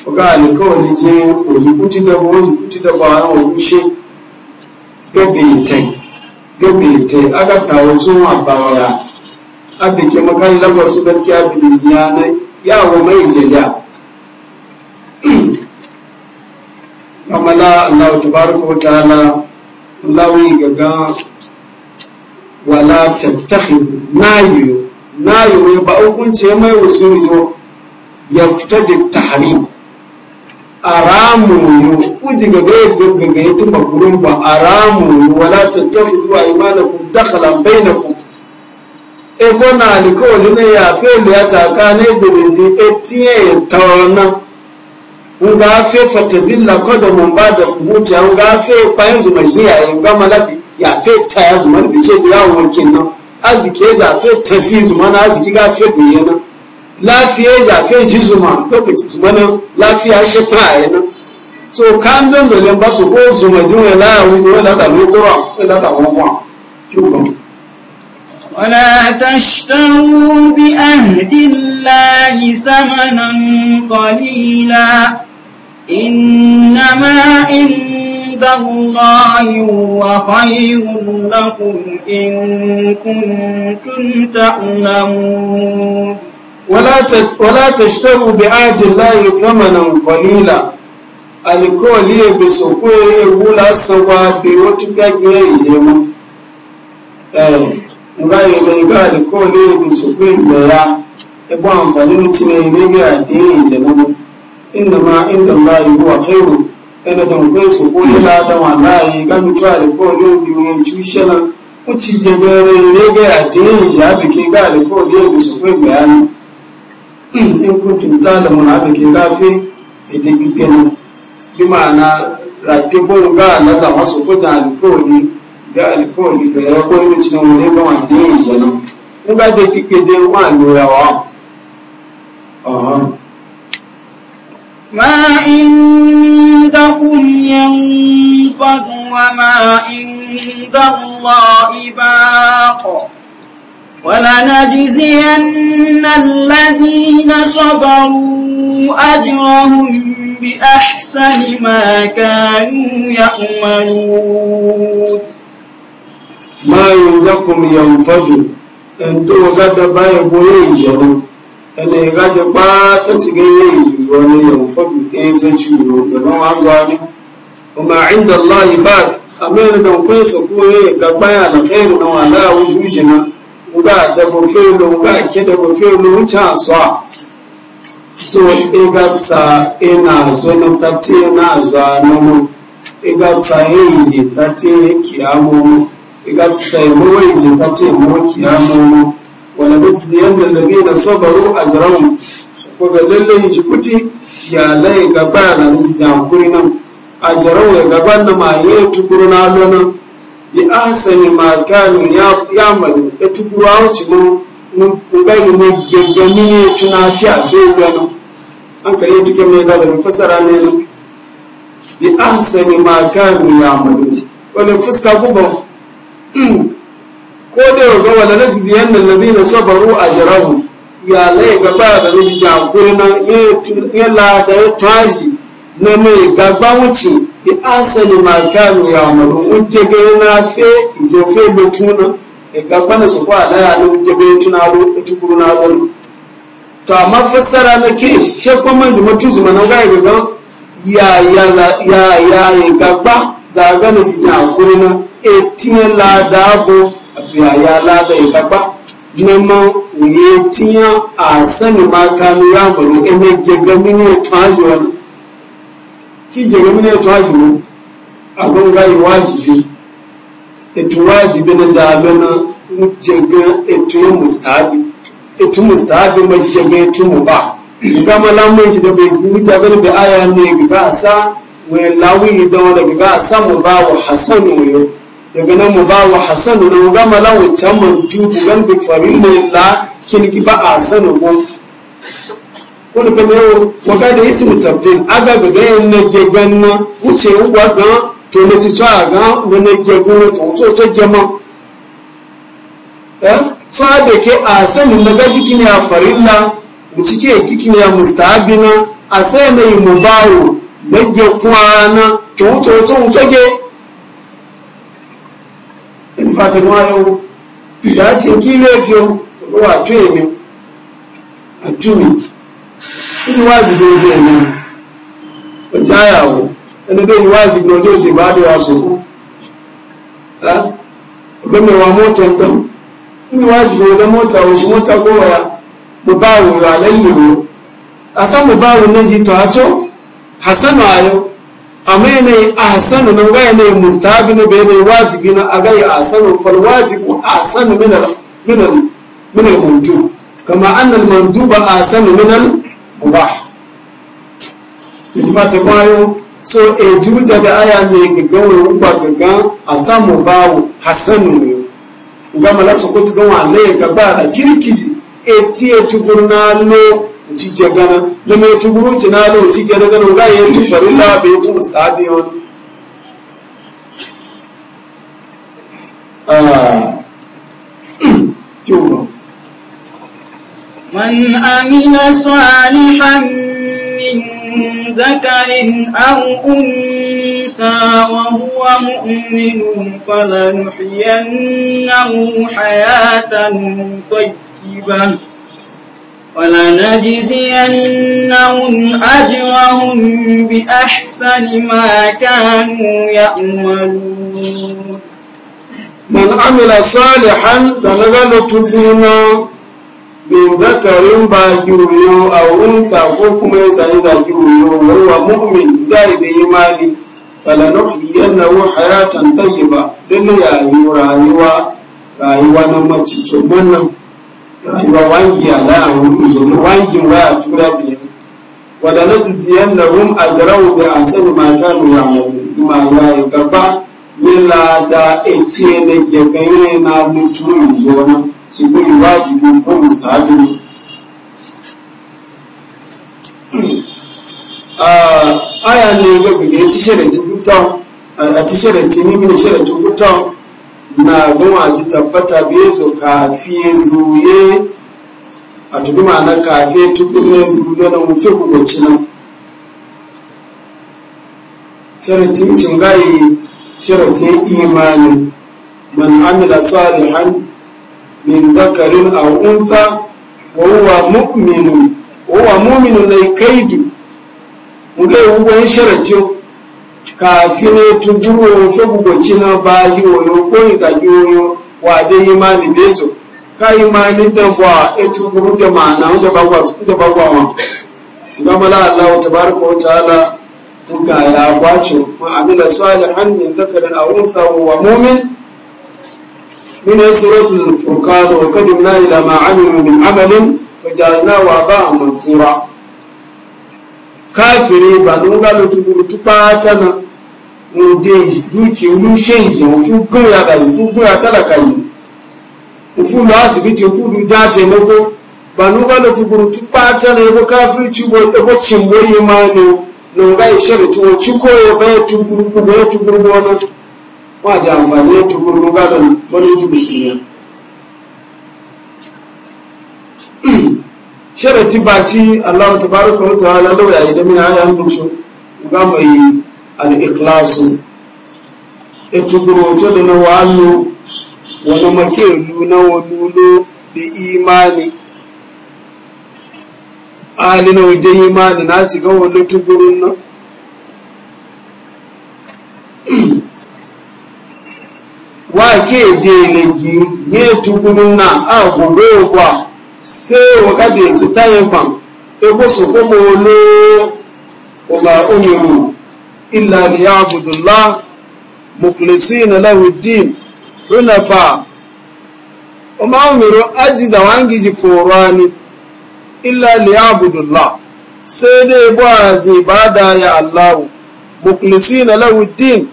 S2: Ko ga ni ko ni je ko kuti da ko kuti da ba wa ga bi tai gabe te aga tawo zuwa bawaya abin ke makai lagos su gaskiya biliji ya na yawo mai jeliya [clears throat] amma la Allah tabaraka wa ta'ala lawi gaga wala tattakhidu nayu nayu ya ba hukunce mai wasu yo ya fita da tahrim aramu kuji gaga gaga ya tuma gurin ba aramu wala tattafu wa imanakum dakhala bainakum e bona ni ko ni ne ya fe le ya ne gobe ji etie tawna unga fe fatazilla da mun ba da subuti unga fe payanzu majiya unga malabi ya fe taya zuma bi ce ya wuce nan azike za fe tafi zuma na aziki ga fe lafiya zafe ji zuma lokaci zuma nan lafiya shi kwaye nan so kan don dole ba su ko zuma ji mai laya wuce wanda ta lokura wanda ta kwakwa kyuban ولا تشتروا
S1: بعهد الله ثمنا قليلا إنما عند الله هو خير لكم إن كنتم
S2: تعلمون wala tashtaru bi ajin layi thamanan qalila alikoli ebe sokwe ewu lasan wa be wotu gage je mu eh nga ile ga alikoli ebe sokwe ile ya ebo anfani ni tine ile ga ade eye mu inna ma inda layi huwa khairu ene don kwe sokwe ila da wa layi ga mi twa alikoli obi we chushe na uchi jegere ile ga ade eye ke ga alikoli ebe sokwe ile ya in kuntum talamun abu ke lafi idan gidanu bi ma'ana rafi gwanu ga na zama su kuta alkawali ga alkawali da ya koyi da cinan wani ga wanda yi kenan in ga da kike dai wa loyawa
S1: ما عندكم ينفد وما عند الله ولنجزين الذين صبروا أجرهم بأحسن ما كانوا يعملون
S2: ما عندكم ينفد ẹ̀ntọ́ ọ̀gádà báyẹ̀ bóyá ìyẹ̀wò ẹni pa tẹ́tìgẹ́ ilé ìlú ọ̀nà ìyẹ̀wò fọ́bù ẹ̀ẹ́sẹ̀ jù lọ pẹ̀lú wọn aṣọ àrí ọmọ àìndà láàyè báàkì amẹ́rin náà pẹ́ sọ pé ẹ̀ka báyà àlàfẹ́ ìrìnà aláàwọ̀ ojú ìṣẹ̀lẹ̀ nga dabo felo nga ke dabo felo ncha swa so ega tsa ena zo na tati ena zo na mo Igatsa tsa eji tati ki amo ega tsa mo eji tati mo ki amo na so yanda ladina sabaru ajrahum ko ga lalle shi kuti ya lai gaba na ji jankuri nan ajrahu ya gaban na ma tukuru na lona bi e ahsani ma kanu ya malu da tukuwa wuce mu mun gani ne gaggami ne tuna fi a fi gano an kare tuke mai da zan fasara ne bi ahsani ma kanu ya malu wani fuska kuma ko da yau ga wani najizi lati na sabaru a jirahu ya lai gaba da lati jagorina kurina ya lada ya taji na mai gaba wuce asali ma kanu ya umaru ujege na fe jofe lotuna e gabana su kwa da ya lo ujege tuna lu tukuru na gon to amma fassara na ke she ko man ji mutu na ga ga ya ya ya ya e gaba za ga ne ji hakuri na e tiye la da go atu ya ya la da e gaba nemo uye tiya asani ma kanu ya umaru e me gegami ne tajo na kijere mune to hajiru abin gai wajibi etu wajibi na zaɓe na jaga etu ya mustahabi etu mustahabi mai jaga etu mu ba ga malamun shi da bai mutu ga da aya ne ga sa wai lawi da wala ga sa mu ba wa hasanu yo daga nan mu ba wa hasanu na ga malamun can mun tubu gan bi farilla kin ki ba asanu ko wani fa yau da ismu tabdil aga ga ga na da ke a sanin na ga gikin ya farilla mu cike gikin ya mustahabina a yi mubawo kí ilé fi àjọ èmi àjọ mi ìwádìí ló jẹ́ ẹ̀mí ọjọ́ àyàwó ẹni tó ìwádìí ló jẹ́ òjì ìbádọ́ àsòkò ọgbẹ́mẹ̀wà mọ́tò ń tán ìwádìí ló jẹ́ mọ́tà òṣì mọ́tà gbọ́wọ́ mo bá àwòrán alẹ́ lè wò mo bá méjì tọ́ àtọ́ hasanu ayo amma yanayi a hasanu nan ga yanayi mustahabi na bai yanayi wajibi na a gaya hasanu fal wajibu a hasanu minal minal minal mandu annal mandu ba a hasanu minal wa ìdìbò ti wáyó so èjì ó jẹbi àyà mi gẹgẹ wọn ń gba gẹgẹ asamubawo hasanu mi nga mala sọkò tí wọn alẹ gàgbà àdà kirikiri etí etugburu náà lé òtí jẹ gánà lẹmọ etu fẹrẹ láàbẹ etu na bí
S1: من عمل صالحا من ذكر أو أنثى وهو مؤمن فلنحيينه حياة طيبة ولنجزينهم أجرهم بأحسن ما كانوا يعملون
S2: من عمل صالحا فنغلط بنا bin zakarin baki wuyo a unsa ko kuma ya sani zaki wuyo wa mu'min da ibe imani falanuhyiyannahu hayatan tayyiba dole ya yi rayuwa rayuwa na macico wannan rayuwa wangi ya la a wuri zoni wangin waya tura biyu wadannan tisiyannahum ajrau bi asali ma kanu ya'malu ma ya gaba lila da etiye da geganye na mutum zuwa su ko wajibi ko mustahabi [clears throat] ah, aya ne ga gage ti sharati gutan a ti sharati ni eh, mini sharati gutan na goma ji tabbata biye zo kafi zuye a tudu ma'ana kafe tukunan zuwa na mufi kubaci nan sharati cin gayi sharatin imani man amila salihan min dhakarin aw untha wa huwa mu'minun huwa mu'minun lai kaidu nge uwe sharatio kafine tujuwo fegugo china bayi oyo ko izagi oyo wa de imani bezo ka imani da bwa etu guru da mana da bagwa da bagwa wa ngamala Allah tabaraka wa ta'ala tuka ya kwace kuma amina salihan min dhakarin aw untha wa mu'min min suratul furqan wa kad ibna ila ma amilu min amalin fajalna wa ba manfura kafiri ba dun ga lo tubu tuka ta na mun de du ki lu shenji mun fu ko ya ga fu ko ya tala kai mun fu lo asibiti mun fu du jate moko ba nu ga lo tubu tuka ta na ko kafiri ci bo ta ko cin bo imani lọ́gbà ìṣẹ́rìtí wọn tí kó ya bẹ́ẹ̀ tó gbogbo bẹ́ẹ̀ tó gbogbo ọ̀nà wọn àti bi tó gbogbo gbádùn mọ́lẹ́ ojú mùsùlùmí. ṣẹ́rìtí bá tí aláwọ̀ tó bá rí kan tó ara lọ́wọ́ àyẹ̀dẹ́mí ayá ń gbọ́sọ gbá mọ̀ yìí alìkíláàsù ètò gbogbo tó lè ali na wuje imani na ci ga wani tukurun nan wa ke delegi ne tukurun nan a gobe kwa sai wa kabe su tayin fam ebo su kuma wani وما أمروا إلا ليعبدوا الله مخلصين na الدين حنفاء وما أمروا أجز وأنجز illa liya'budullah sai dai ba aje bada ya Allahu mukhlisina na din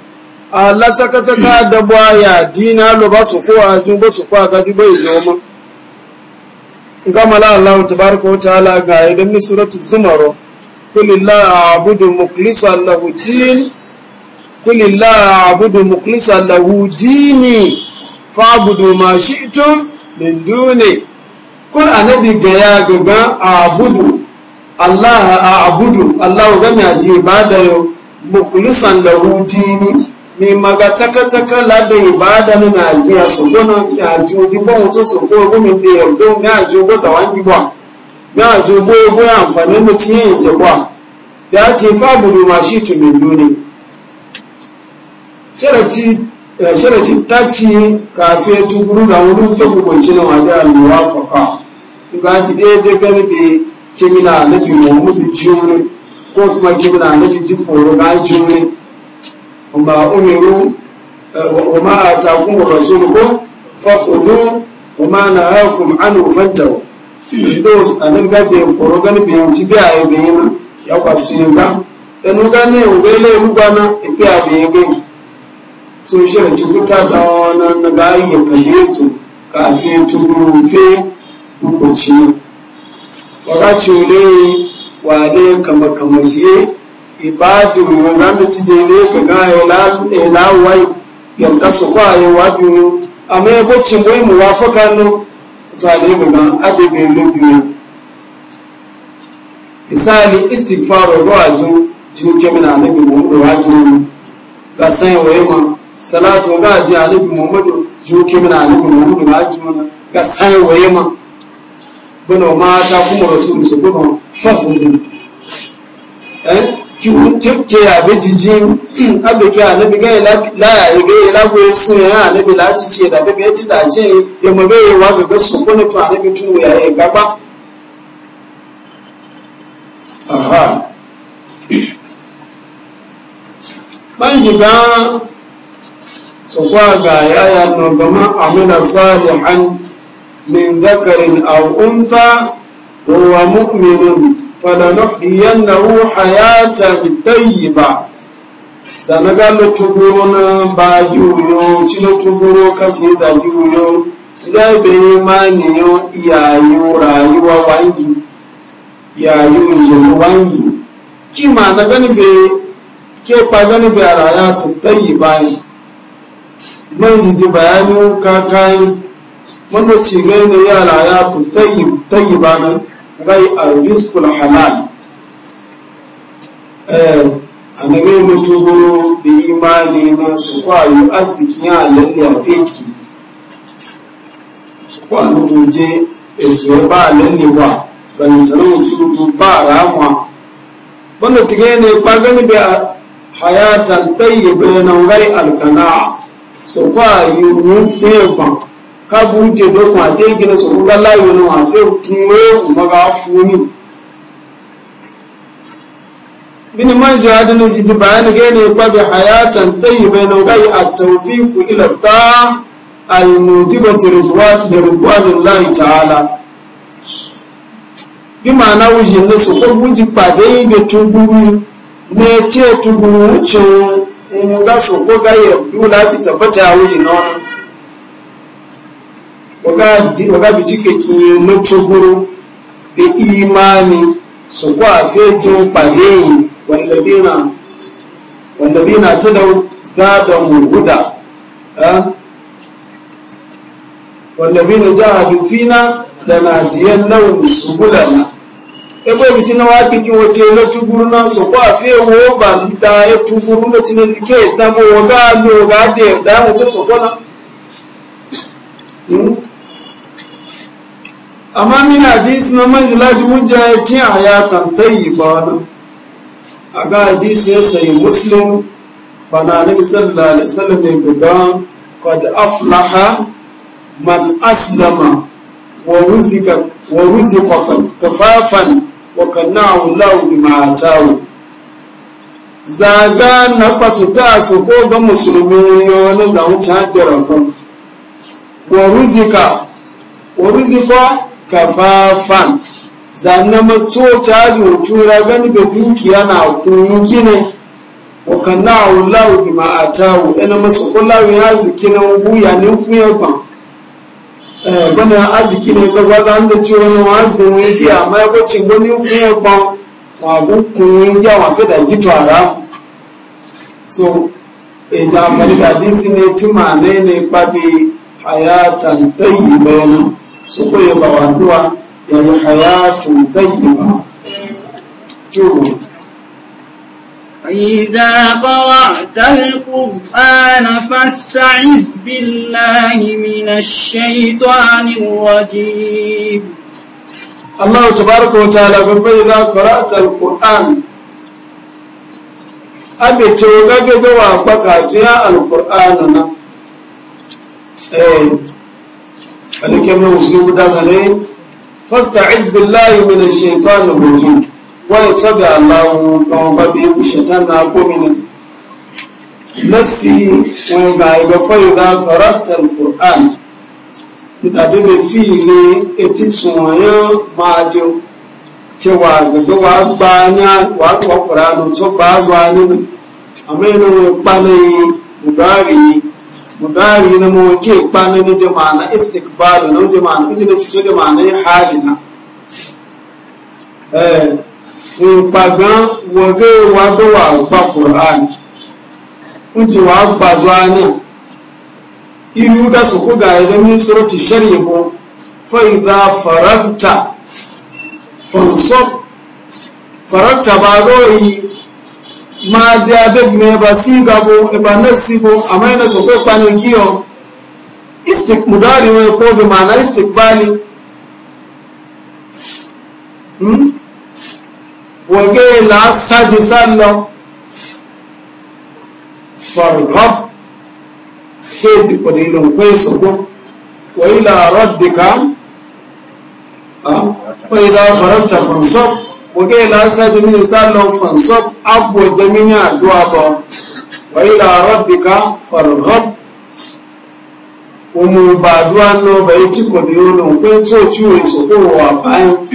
S2: Allah tsaka tsaka da ya dina lo ba su ko ajin ba su ko gaji bai zo mu gama la Allah tabaraka wa ta'ala ga idan ni suratul zumar kulillah a'budu mukhlisan lahu din a'budu mukhlisan lahu dini abudu ma shi'tum min dunihi kun anabi gaya gaga abudu allah abudu allah gami mi aji ibada yo mukhlisan lahu dini mi maga takataka lada ibada ni na aji asogona mi aji obi bon to soko ogun mi de ogun mi aji ogun sawangi bwa mi aji ogun ogun anfani mo ti yin je bwa ya ce fabudu ma shi tu tumin duni sharati ta ce kafe tu tukuru zamurin fi kukunci na wajen alluwa kwakwa gaji daidai gani be kemina na ji mamudu juni ko kuma kemina na ji ji foro ga juni ma umiru wa ma atakum rasulukum fakhudhu wa ma nahakum anhu fantahu dos anan gaje foro gani be ya bi ya kwasu gani so ṣe kuci wakati ule wale kama kama je ibadu wazambi tije ne ga gayo la la wai yanda su kwa yi wadu amma ya bucin bai mu wafaka no to ale ga ga adebe lobiyo misali istighfar kemina na mina annabi muhammadu wajin ga sai ma salatu ga ji annabi muhammadu na mina annabi muhammadu wajin ga sai ma bọ́nà ọmọ ata kúmọ̀ rasúlù sọ́gbọ́n fọ́fùzù kí wọ́n tẹ́kẹ́ àbẹ́jìjì abẹ́kẹ́ ànẹ́bẹ́gẹ́ láàyẹ̀gẹ́ lágbẹ́ sún ẹ̀ ànẹ́bẹ́ láti tiẹ̀ dàbẹ́gẹ́ títà jẹ́ ẹmọ̀gẹ́ ìwà gẹ̀gẹ́ sọ́gbọ́n tún ànẹ́bẹ́ tún wẹ̀ ẹ̀ gbágbá. báyìí gan sọ̀kọ́ àgbà yáyà nàgbọ́n àmì من ذكر أو أنثى هو مؤمن فلنحيينه حياة طيبة sanaga lotuguro na ba yuyo ci lotuguro kashi za yuyo zai bai yi maniyo yayo rayuwa wangi yayo yanzu wangi ki ma na gani be ke fa gani be a raya tattayi bayan jiji kakai mano ce gaina yara ya tu tayi ba nan gai a riskul halal eh, a na gai mutu da imani na su kwayo arziki ya lalle a feki su kwayo guje esuwa ba lalle ba balantana mutu ba rama. wanda ce gaina ba gani bai a hayatan tayi bai rai gai alkana su kwayo mun fiye kabu wuce dokun a ɗaya gina su ruga layo na wafe kuma maga funi Bini man jihadin shi ji bayani ga ne kwabi hayatan tayi bai na gai a taufiku ila ta almujibati da rizwanin layi ta'ala bi ma'ana wujin ne su ko wuji kwabe ga tuguri ne ce tuguri wucin ga su ko ga yabdu lati tabbata wujin na wani waga bijike ki nutsuguru bi imani su kwa fekin fahimi wallazina wallazina tadau zadahum huda jahadu fina lanadiyannahum subulana ebe biti na waki ki wace na tuguru na so kwa fe wo da ya e tuguru na na zike na bo da amma min hadisi na manjilati mujahidin hayatan tayyiba wani a ga hadisi ya sayi muslim bana nabi sallallahu alaihi wasallam ya gaga qad aflaha man aslama wa ruzika wa ruzika kafafan wa qanna'ahu lahu bima atahu zaga na ta su ko ga musulmi ya wani zamu cha ku wa ruzika wa ruzika kafafan zanna matso ta tura gani da dukiya na kunu gine wa kana wallahu bima atahu ina masu kullahu ya ziki nan buya nin fuye ban eh bana aziki ne ga gwada da cewa ne wazin wani biya mai gocin gani fuye ban wa gukun ya wa fida gitwara so e ta amfani da hadisi ne tumane ne babi hayatan tayyibanin soko ya bawanduwa ya yi hayatu tayyima kyuru
S1: فإذا قرأت القرآن فاستعذ
S2: بالله من الشيطان الرجيم الله تبارك وتعالى فإذا قرأت القرآن abe ce gaggagawa bakatiya alkur'ana na eh. a da kyan musulun guda zane fasta abdullahi min shaitan na gudu wani tabi allahu ga wabbi ku shaitan na gomina nasi wani ga ibafo ina karatar qur'an da bibin fili etin sunwaye ma jo cewa gaba wa gbanya wa kuwa ƙura da tso ba zuwa nini a mai nan wani ɓanayi ubari mudari na mu wake kwana ni da ma'ana istikbalu na da ma'ana ita da cice da ma'ana halina hali na. pagan eh, wage wa ga wa pa qur'an unji wa ba zuwa iru ga su ku ga yanzu min surati shari'a ko fa idza faranta fansab faranta ba goyi máa dé abẹ́gbìnrin ẹba sí ìgbàgbó ẹba náà síbo àmọ́ ẹ̀nà sọ pé kí ọ istik mudari wọn kó bí màá náà istik báli wọ̀gẹ́ ìlà sájì sá lọ fọ̀rọ̀ kéèdì pọ̀dé ìlò pé ìsọ̀gbọ́ wọ̀ ìlà rọ̀dìkà wọ̀ ìlà fọ̀rọ̀ oge lasa jimini sallon fansop abuwa jimini aduwa ba wa ila rabbika farghab umu ba aduwa no ba yi ciko da yi olon kwen so ciwo so kowa bayan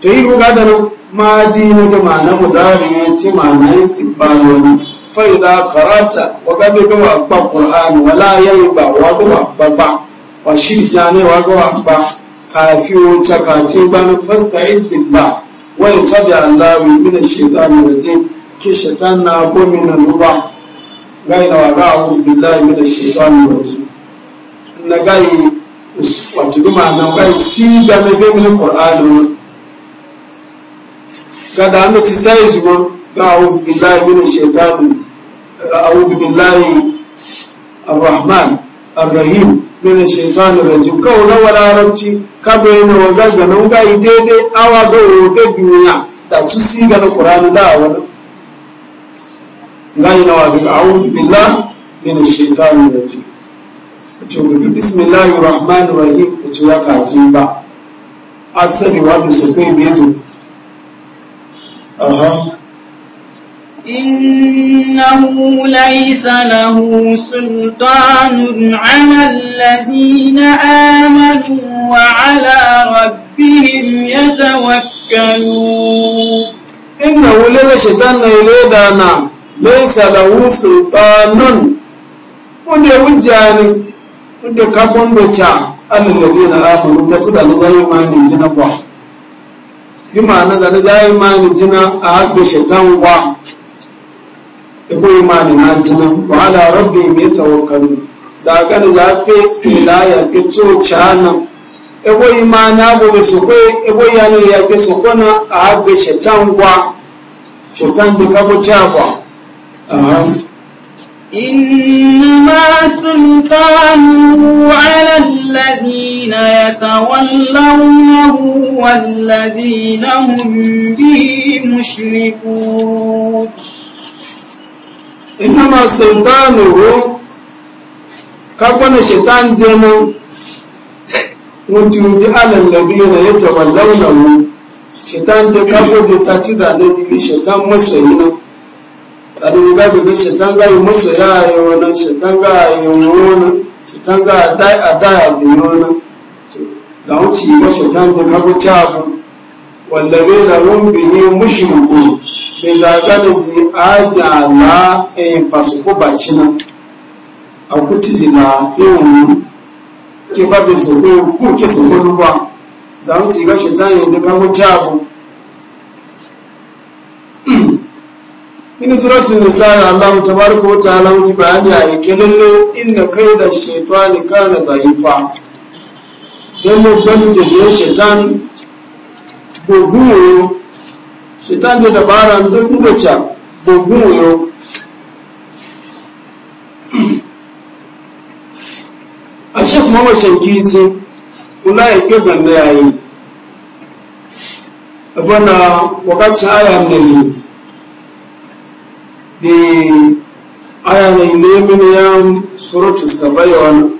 S2: to yi ruga da ma di na da ma na mudari ya ce ma na e istibbalo ne fa karata wa gabe gawa ba qur'ani wala yi ba wa gawa ba ba wa shirja ne wa gawa ba kafi wuce kacin gbanin fasta'id ba. wai tabi allawi mina shaitani rajim ke shaitan na gomi na nuba gai na waga a wuzu billahi mina shaitani rajim na gai wato duma na gai si ga na bai mini qur'ani ga da an ci sai zuwa ga a'udhu billahi mina shaitani a'udhu billahi الرحمن الرحيم mina shaitanir rajim kawo na walarabci kaba yana waga zanen gayi daidai awa ga wobe duniya da su siga na kur'ani da a wani gayi na waga a'udhu billah mina shaitanir rajim ce ku bi bismillahir rahmanir rahim ku ci ya kaji ba a tsani wa bi su kai bezo aha
S1: إنه ليس له سلطان على الذين آمنوا وعلى ربهم
S2: يتوكلون إنه لشيطان يلودانا ليس له سلطان wanda ya wujja ne wanda ka bambace alalabi na amanu ta tuda na zai mani jina kwa bi da na zai mani jina a haɗe shaitan kwa ebo imani na jina wa ala rabbihim yatawakkalun za ka da zafe ila ya fito cana ego imani abu ga sokwe ebo yana ya ke sokona a habe shaitan gwa shaitan da kabo chagwa إنما
S1: سلطانه على الذين يتولونه والذين هم به مشركون
S2: inama sultanuhu kakwana shaitan demo mutuji alal ladina yatawallawnahu shaitan da kako da tati da da yi shaitan masoyi na a da yi gaga da shaitan ga yi masoya a yi wani shaitan ga a yi wani shaitan ga a dai a dai a bi wani zaunci ga shaitan da kako ta abu wallabe da rumbi ne bezaga da zai aja na ɗayan e, fasu ko baci nan a kuti na yawon e, ke ba bai ke so ruwa e, za mu ci ga shi ta yi da kawo jabo [clears throat] in suratul nisa Allah tabaraka wa ta'ala mu bayani a yake lalle inna kaida shaytani kana dhaifa lalle bani da shaytan gogo shaitan da dabara da zai can, ca gogun wayo a shek mama kiti, kula ya ke ganda yayi abana wakacin aya ne da aya ne ne mini ya surutu sabai wani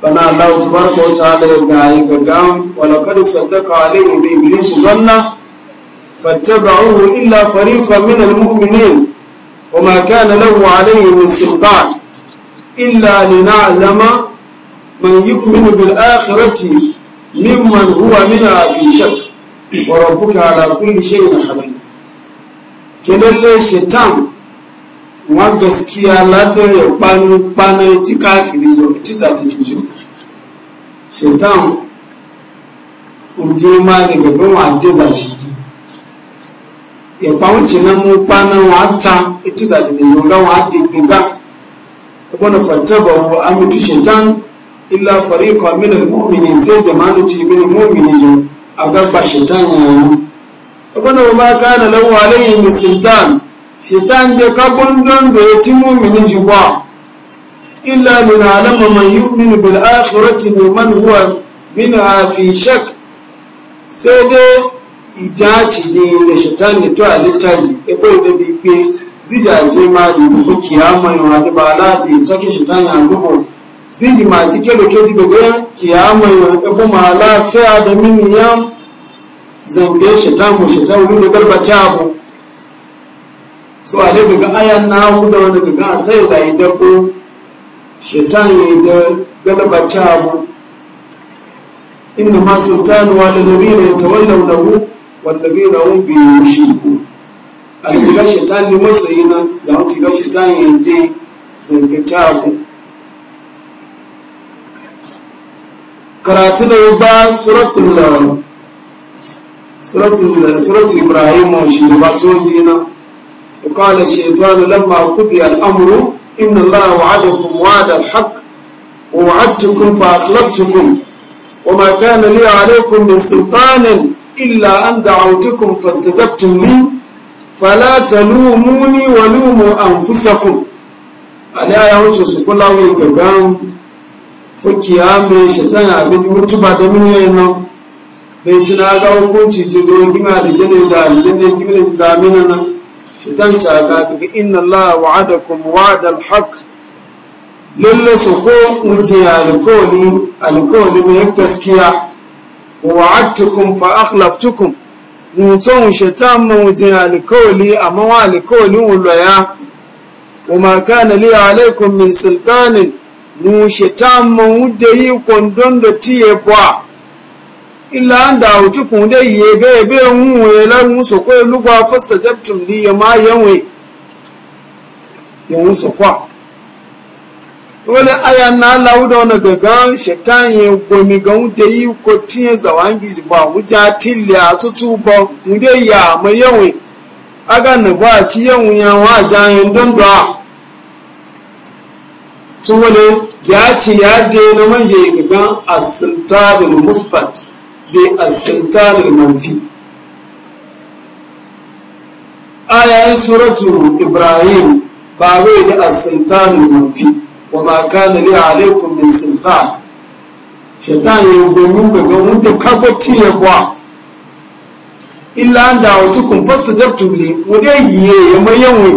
S2: bana Allah tabaraka wa ta'ala ya ga yi gaga wa laqad saddaqa alayhi bi iblis zanna فاتبعوه إلا فريقا من المؤمنين وما كان له عليه من سلطان إلا لنعلم من يؤمن بالآخرة ممن هو منها في شك وربك على كل شيء حفيظ kelele shetan wọn gaskiya ládé ìpanupanu tí káfìrí yọ tí sàdéjì yọ shetan òjì máa ní gbẹgbẹ wọn àdézàjì ìpawọ́ntì náà mú paná wọn á da etí ìsàlẹ̀ èèyàn láwọn á di gbígbá ọgbọ́n fàtẹ́bọ̀ wọ amútú ṣètàn ilá fọ̀rí ikọ̀ mílẹ̀ mọ́mìnì sí ẹ̀jẹ̀ máa ń lè ti mílẹ̀ mọ́mìnì jù agbápa ṣètàn yẹn ọgbọ́n wọn bá ká ẹ̀nà lọ́wọ́ aléyìn ní ṣètàn ṣètàn jẹ́ kápọ́n dọ́ndọ̀ etí mọ́mìnì jù wá ilá nínú alámọ̀mọ̀ yìí nínú bẹ̀rẹ̀ áfúrẹ́tì ní mọ́nìwọ̀n nínú àfi ṣẹ́k sai dai ìjáàtì di ilẹ̀ ṣùtánì tó àlítàlì epo ìdẹ́bi pé zíjà jẹ́ máa dìbò fún kìámọ̀ ìwọ̀n àdébà aláàbì ìtọ́kì ṣùtánì àgbòbò zíjì máa jí kélokéjì gbogbo kìámọ̀ ìwọ̀n epo máa láàfẹ́ adami nìyàn zambe ṣùtánì ṣùtánì wíwẹ̀ gálbà tí ta bọ̀. so a daga ayan na da wani daga a sai da ida ko ṣùtánì da gálbà tí a inna ma sultanu wa lalari ne والذين هم بيشركون أنتي شيطان لما سينا زانتي لا شيطان ينتي زنكتاب كراتنا يبا سورة الزهر سورة الزهر سورة إبراهيم وشيطان وزينا وقال الشيطان لما قضي الأمر إن الله وعدكم وعد الحق ووعدتكم فأخلفتكم وما كان لي عليكم من سلطان illa an da'autukum fastajabtum li fala talumuni wa lumu anfusakum ani aya wuce su kula wa gagan fukiya me shaitan abin mutuba da mun yi nan bai ci na ga hukunci ji zo gima da jini da aljanna gima da damina nan shaitan ta ga daga inna allah wa'adakum wa'da al-haq lalle su ko mutiya alkawali alkawali mai gaskiya wa'adtukum fa akhlaftukum mutum shaitan mawujin alikawali amma wa alikawalin wulaya wa ma kana li alaikum min sultanin mu shaitan mawude yi kondon da tiye kwa illa an da hutukun da yi ga ebe hun wela musu kwa lugwa fasta jabtum li ya ma yanwe ya musu kwa wani aya na lauda wani gagan shaitan ya gomi ga wuda yi ko tiye gizi ba wuja tilli a tutu ba wuda ya mai yawon aga na ba ci yawon ya wa jayen don ba su wani ya ci ya de na manje gagan da musbat da asintarin manfi ayayin suratu ibrahim ba bai da asintarin manfi wa ma kana li alaikum min sultan shaitan ya gomin daga da kagwaci ya kwa illa an da wata kun fasta jabtu ne wanda yiye ya mai yanwe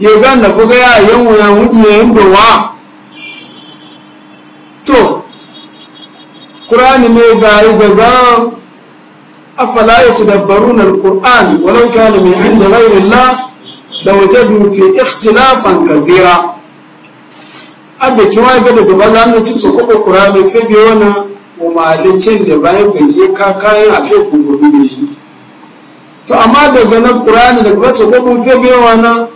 S2: ya ganda ko ga ya yanwe ya wuce ya yin dowa to qur'ani mai ga yi gaba afala yatadabbaruna alquran walau kana min inda ghayri da lawajadu fi ikhtilafan kathira abe kiwa ga da gaba za mu ci su kuka kura da fage wani umaricin da bayan gaji ka kayan a fi kudurin da shi to amma daga nan kurani da ba su kuka fage wani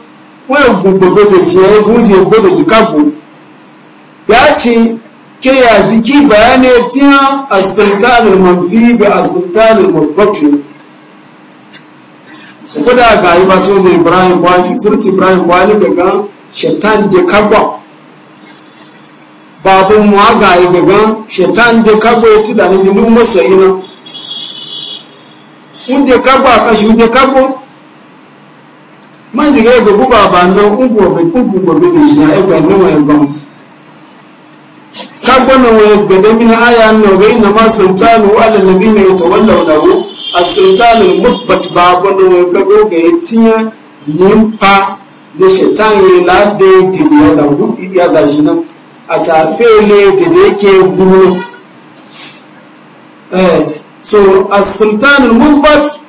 S2: wani gudugo da ci ya yi guje gudu ka kagu ya ce ke ya jiki bayani tiya a sultanin mafi bi a sultanin mafatu su kuda ga yi ba su da ibrahim kwani surci ibrahim kwani daga shaitan je kagwa babu mu ga gagan shaitan da ka ya ti da ni lu masa ina unde ka ba kashi shi unde ka man ji ga go ba ba no ungo be ungo go be ya ga no wa ga ka go no wa ga da mina aya na ga inna ma sultanu ala alladhina yatawallawnahu a sultanu musbat ba go no wa ga ya ga tiya nipa da shaitan ya la de ti ya za ya za shi nan a cafele da da yake guru eh, so a sultanin mubat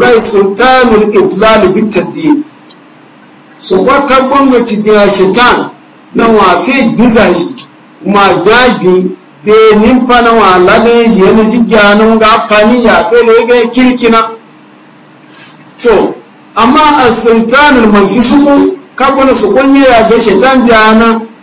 S2: rai sultanin iblal bitazi so wata gwamnati cikin shaitan na wafe giza ma gagi da nimfa na wala ne yana jigya na ga fani ya ne ga kirkina to amma a sultanul manfisuku kakwai su kunye ya ga shaitan da na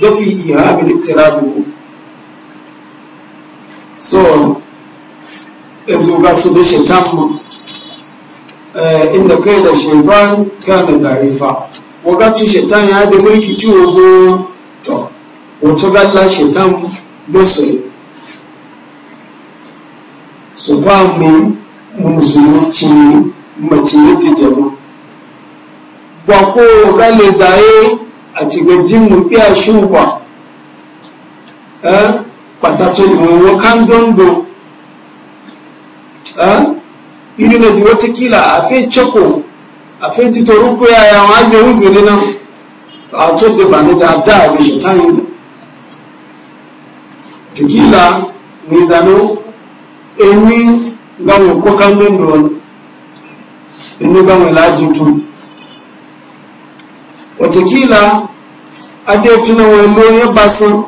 S2: da fi ihabil iktirabikum so yanzu ga su da shaitan eh, inda kai da shaitan kana da'ifa wakati shaitan ya da mulki ciwo go to wato galla shaitan da su su ba mu musulunci mace yadda da mu ba ko ga zaye a ci gaji mu iya shugwa pàtàkì eh, ìwọ̀n kan dondo eh, iri na jiwo tikila a fi choko a fi jitoru ko yaya wa je uzuri nan to a to ke bani za da ta yi shaitan tikila ni zano eni ga mu ko kan dondo eni ga mu laju tu watakila adetuna welo ya basan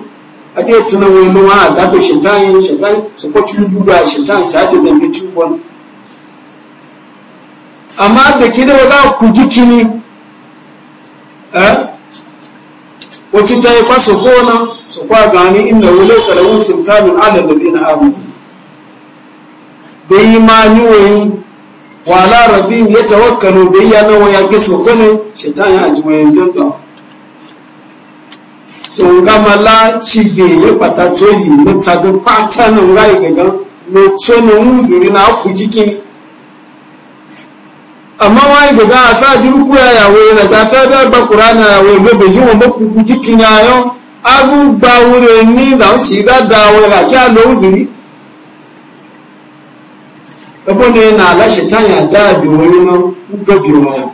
S2: adetuna wendo wa adabe shetani shetani sokwa chulubuga shetani chate zembe chubon amma da kide wala kujikini eh wacce ta yi fasa gona su kwa gani inda wule salawun sultanin ala da zina abu da yi ma niwoyin wala rabin ya tawakkalu bai ya nawa ya gisa kone shaitan ya ajiye wayan dondo so nga mala chibe ya pata ne tsaga pata na nga igaga no chono muzuri na aku jikini amma wa igaga afa jiru ya yawo na ta fa ba ba qur'ana yawo be be jiwo ba ku jikini ayo agu ba wure ni da shi da dawo ga kya no ebone na alashetan ya dabi na ma gabi wani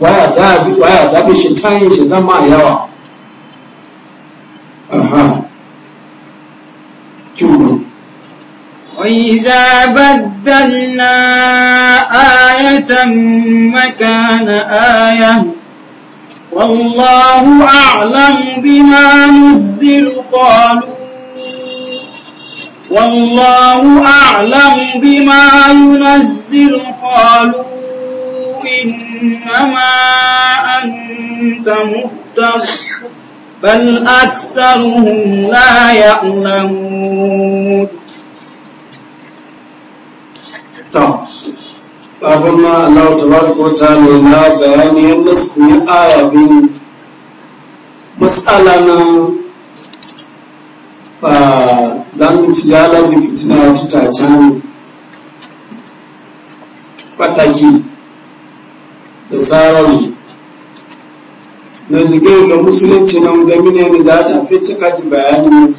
S2: waya dabi waya dabi shetan shetan ma yawa aha
S1: وإذا بدلنا آية مكان آية والله أعلم بما نزل قالوا والله أعلم بما ينزل قالوا إنما أنت مفتر بل أكثرهم لا يعلمون
S2: طب أبما الله تبارك وتعالى لا بيان يمسك آية بين مسألة za mu ci yalaji fitina ya tuta can pataki da tsararri na zige da musulunci nan gami ne da za ta fi cika ji bayanin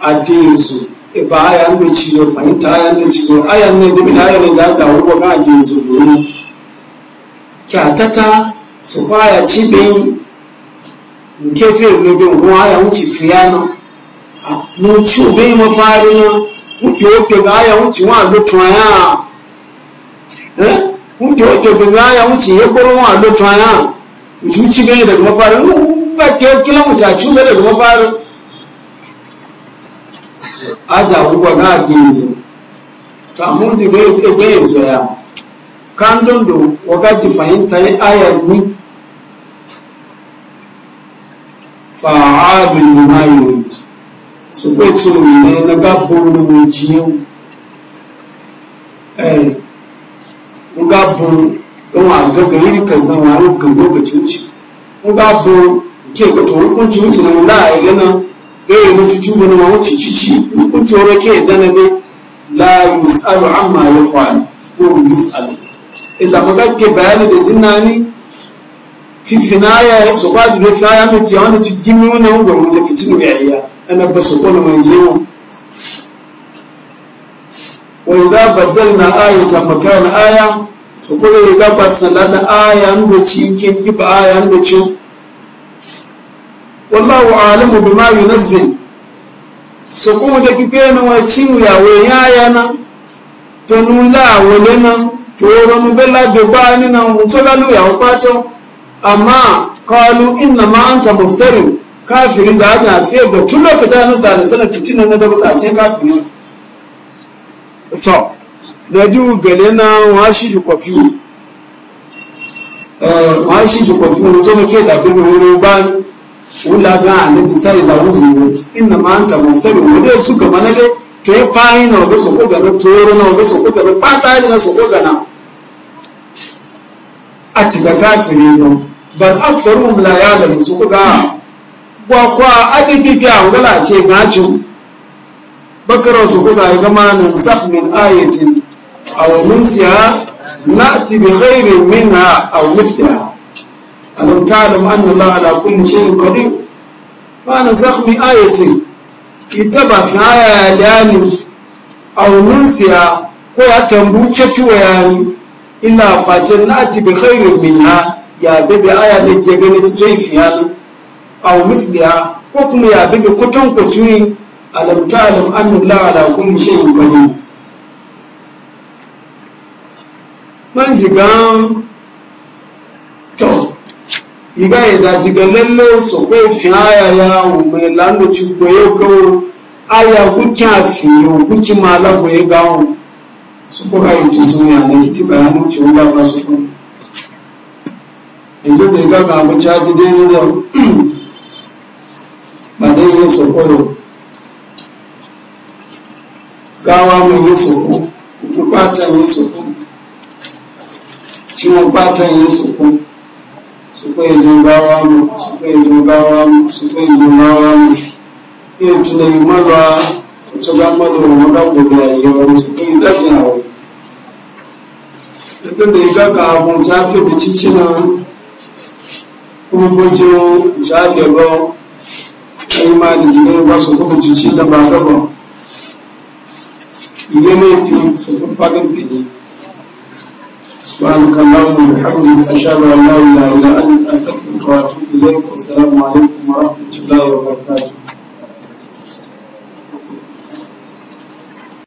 S2: addininsu e ba a yan da cizo fahimta a yan da cizo a yan ne dubin a yan za ta wuwa ga addininsu domin kyatata su kwaya cibin kefe lobin kuma a yan wuce fiya nan nùtú bí mo fari ní wùdí òkè gáyà wùtí wọn àlótú ayá wùdí òkè gáyà wùtí yẹgbọrọ wọn àlótú ayá wùtí wùtí bẹyìn dẹgbẹ fari wùgbà kílọ wùtí àti wùbẹ dẹgbẹ fari. aja wùgbà gáà gbé èzò tààmú ti gbé ẹgbẹ èzò yà kandondo wọgájì fàyíntà ayà aya fàáàbì ní máa yòrìdì. su bai ci ne na boro na mujiyu eh mun gabo don a gaga yin ka zama a ga lokacin ci mun gabo ke ga to hukuncin ci na la ai gana ga yi na cucu ba na ma wuce cici hukuncin wani ke dana ne la yus'alu amma ya fa'al ko yus'alu iza maka ke bayani da zinani fifinaya so kwaji be faya meti ya wani ci gimi wani ungwa mu ta fitinu ya iya ana ba su kone mai jiyo wa idza badalna ayata makana aya su kuma idza basalana aya da cikin kin giba aya da ci wallahu alamu bima yunzil su kuma da gibe na wa ci ya we yaya na to nula wole na to ro mu bela be ba ni na mu ya kwato amma qalu inna ma anta muftarin kafiri za a tafiye da tun lokacin da sa da sanar fitinan na dabata a ce kafiri to na biyu gale na washi ji kwafi eh, washi shi kwafi wani zo muke da bin wuri ba wula ga annabi yi da zuwa inda ma fitar muftari wani su ga mana dai to yi fayi na wasu ko gana toro na wasu ko gana fata yi na su gana a cika kafiri ba bal aktsaruhum la da su ko ga gwakwa adigiga wula ce gacin bakar su kuka ga manin sakh a ayatin siya na na'ti bi khairin A aw mithliha alam da anna allaha ala kulli shay'in qadir manin sahmin min ita ba fi ya dani aw siya ko ya tambuce tuwa yani ina facin na'ti bi min minha ya bebe aya da ke gani ta jaifi yani aw misliha ko kuma ya bibi kutan kucin alam ta'lam anna allaha ala kulli shay'in qadir man shiga to yiga ya da jiga lalle so ko fi ya o me lando ci boye ko aya ku kya fi o ku ki mala boye ga o su ko ayi ci sun ya da kiti bayanu ci wala ba su ko yanzu da ga ga mu caji dai da bàdé yìí sòkò lò gáwá mi yìí sòkò òkú pátá yìí sòkò tí soko pátá yìí sòkò sòkò èdè gáwá mi sòkò èdè gáwá mi sòkò èdè gáwá mi bí ètùlẹ̀ yìí mọ́ lọ́wọ́ ìjọba mọ́ lọ́wọ́ wọn bá gbogbo àyè ọ̀rọ̀ sòkò yìí dájú àwọ̀ ẹgbẹ́ mi gbàgbà àwọn tí a fi fi títí náà kúrú bójú ìjà imani jire ba su kuma cici da ba gaba ile laifi su kun fagen fili سبحانك اللهم وبحمدك أشهد أن لا إله إلا أنت أستغفرك وأتوب إليك والسلام عليكم ورحمة الله وبركاته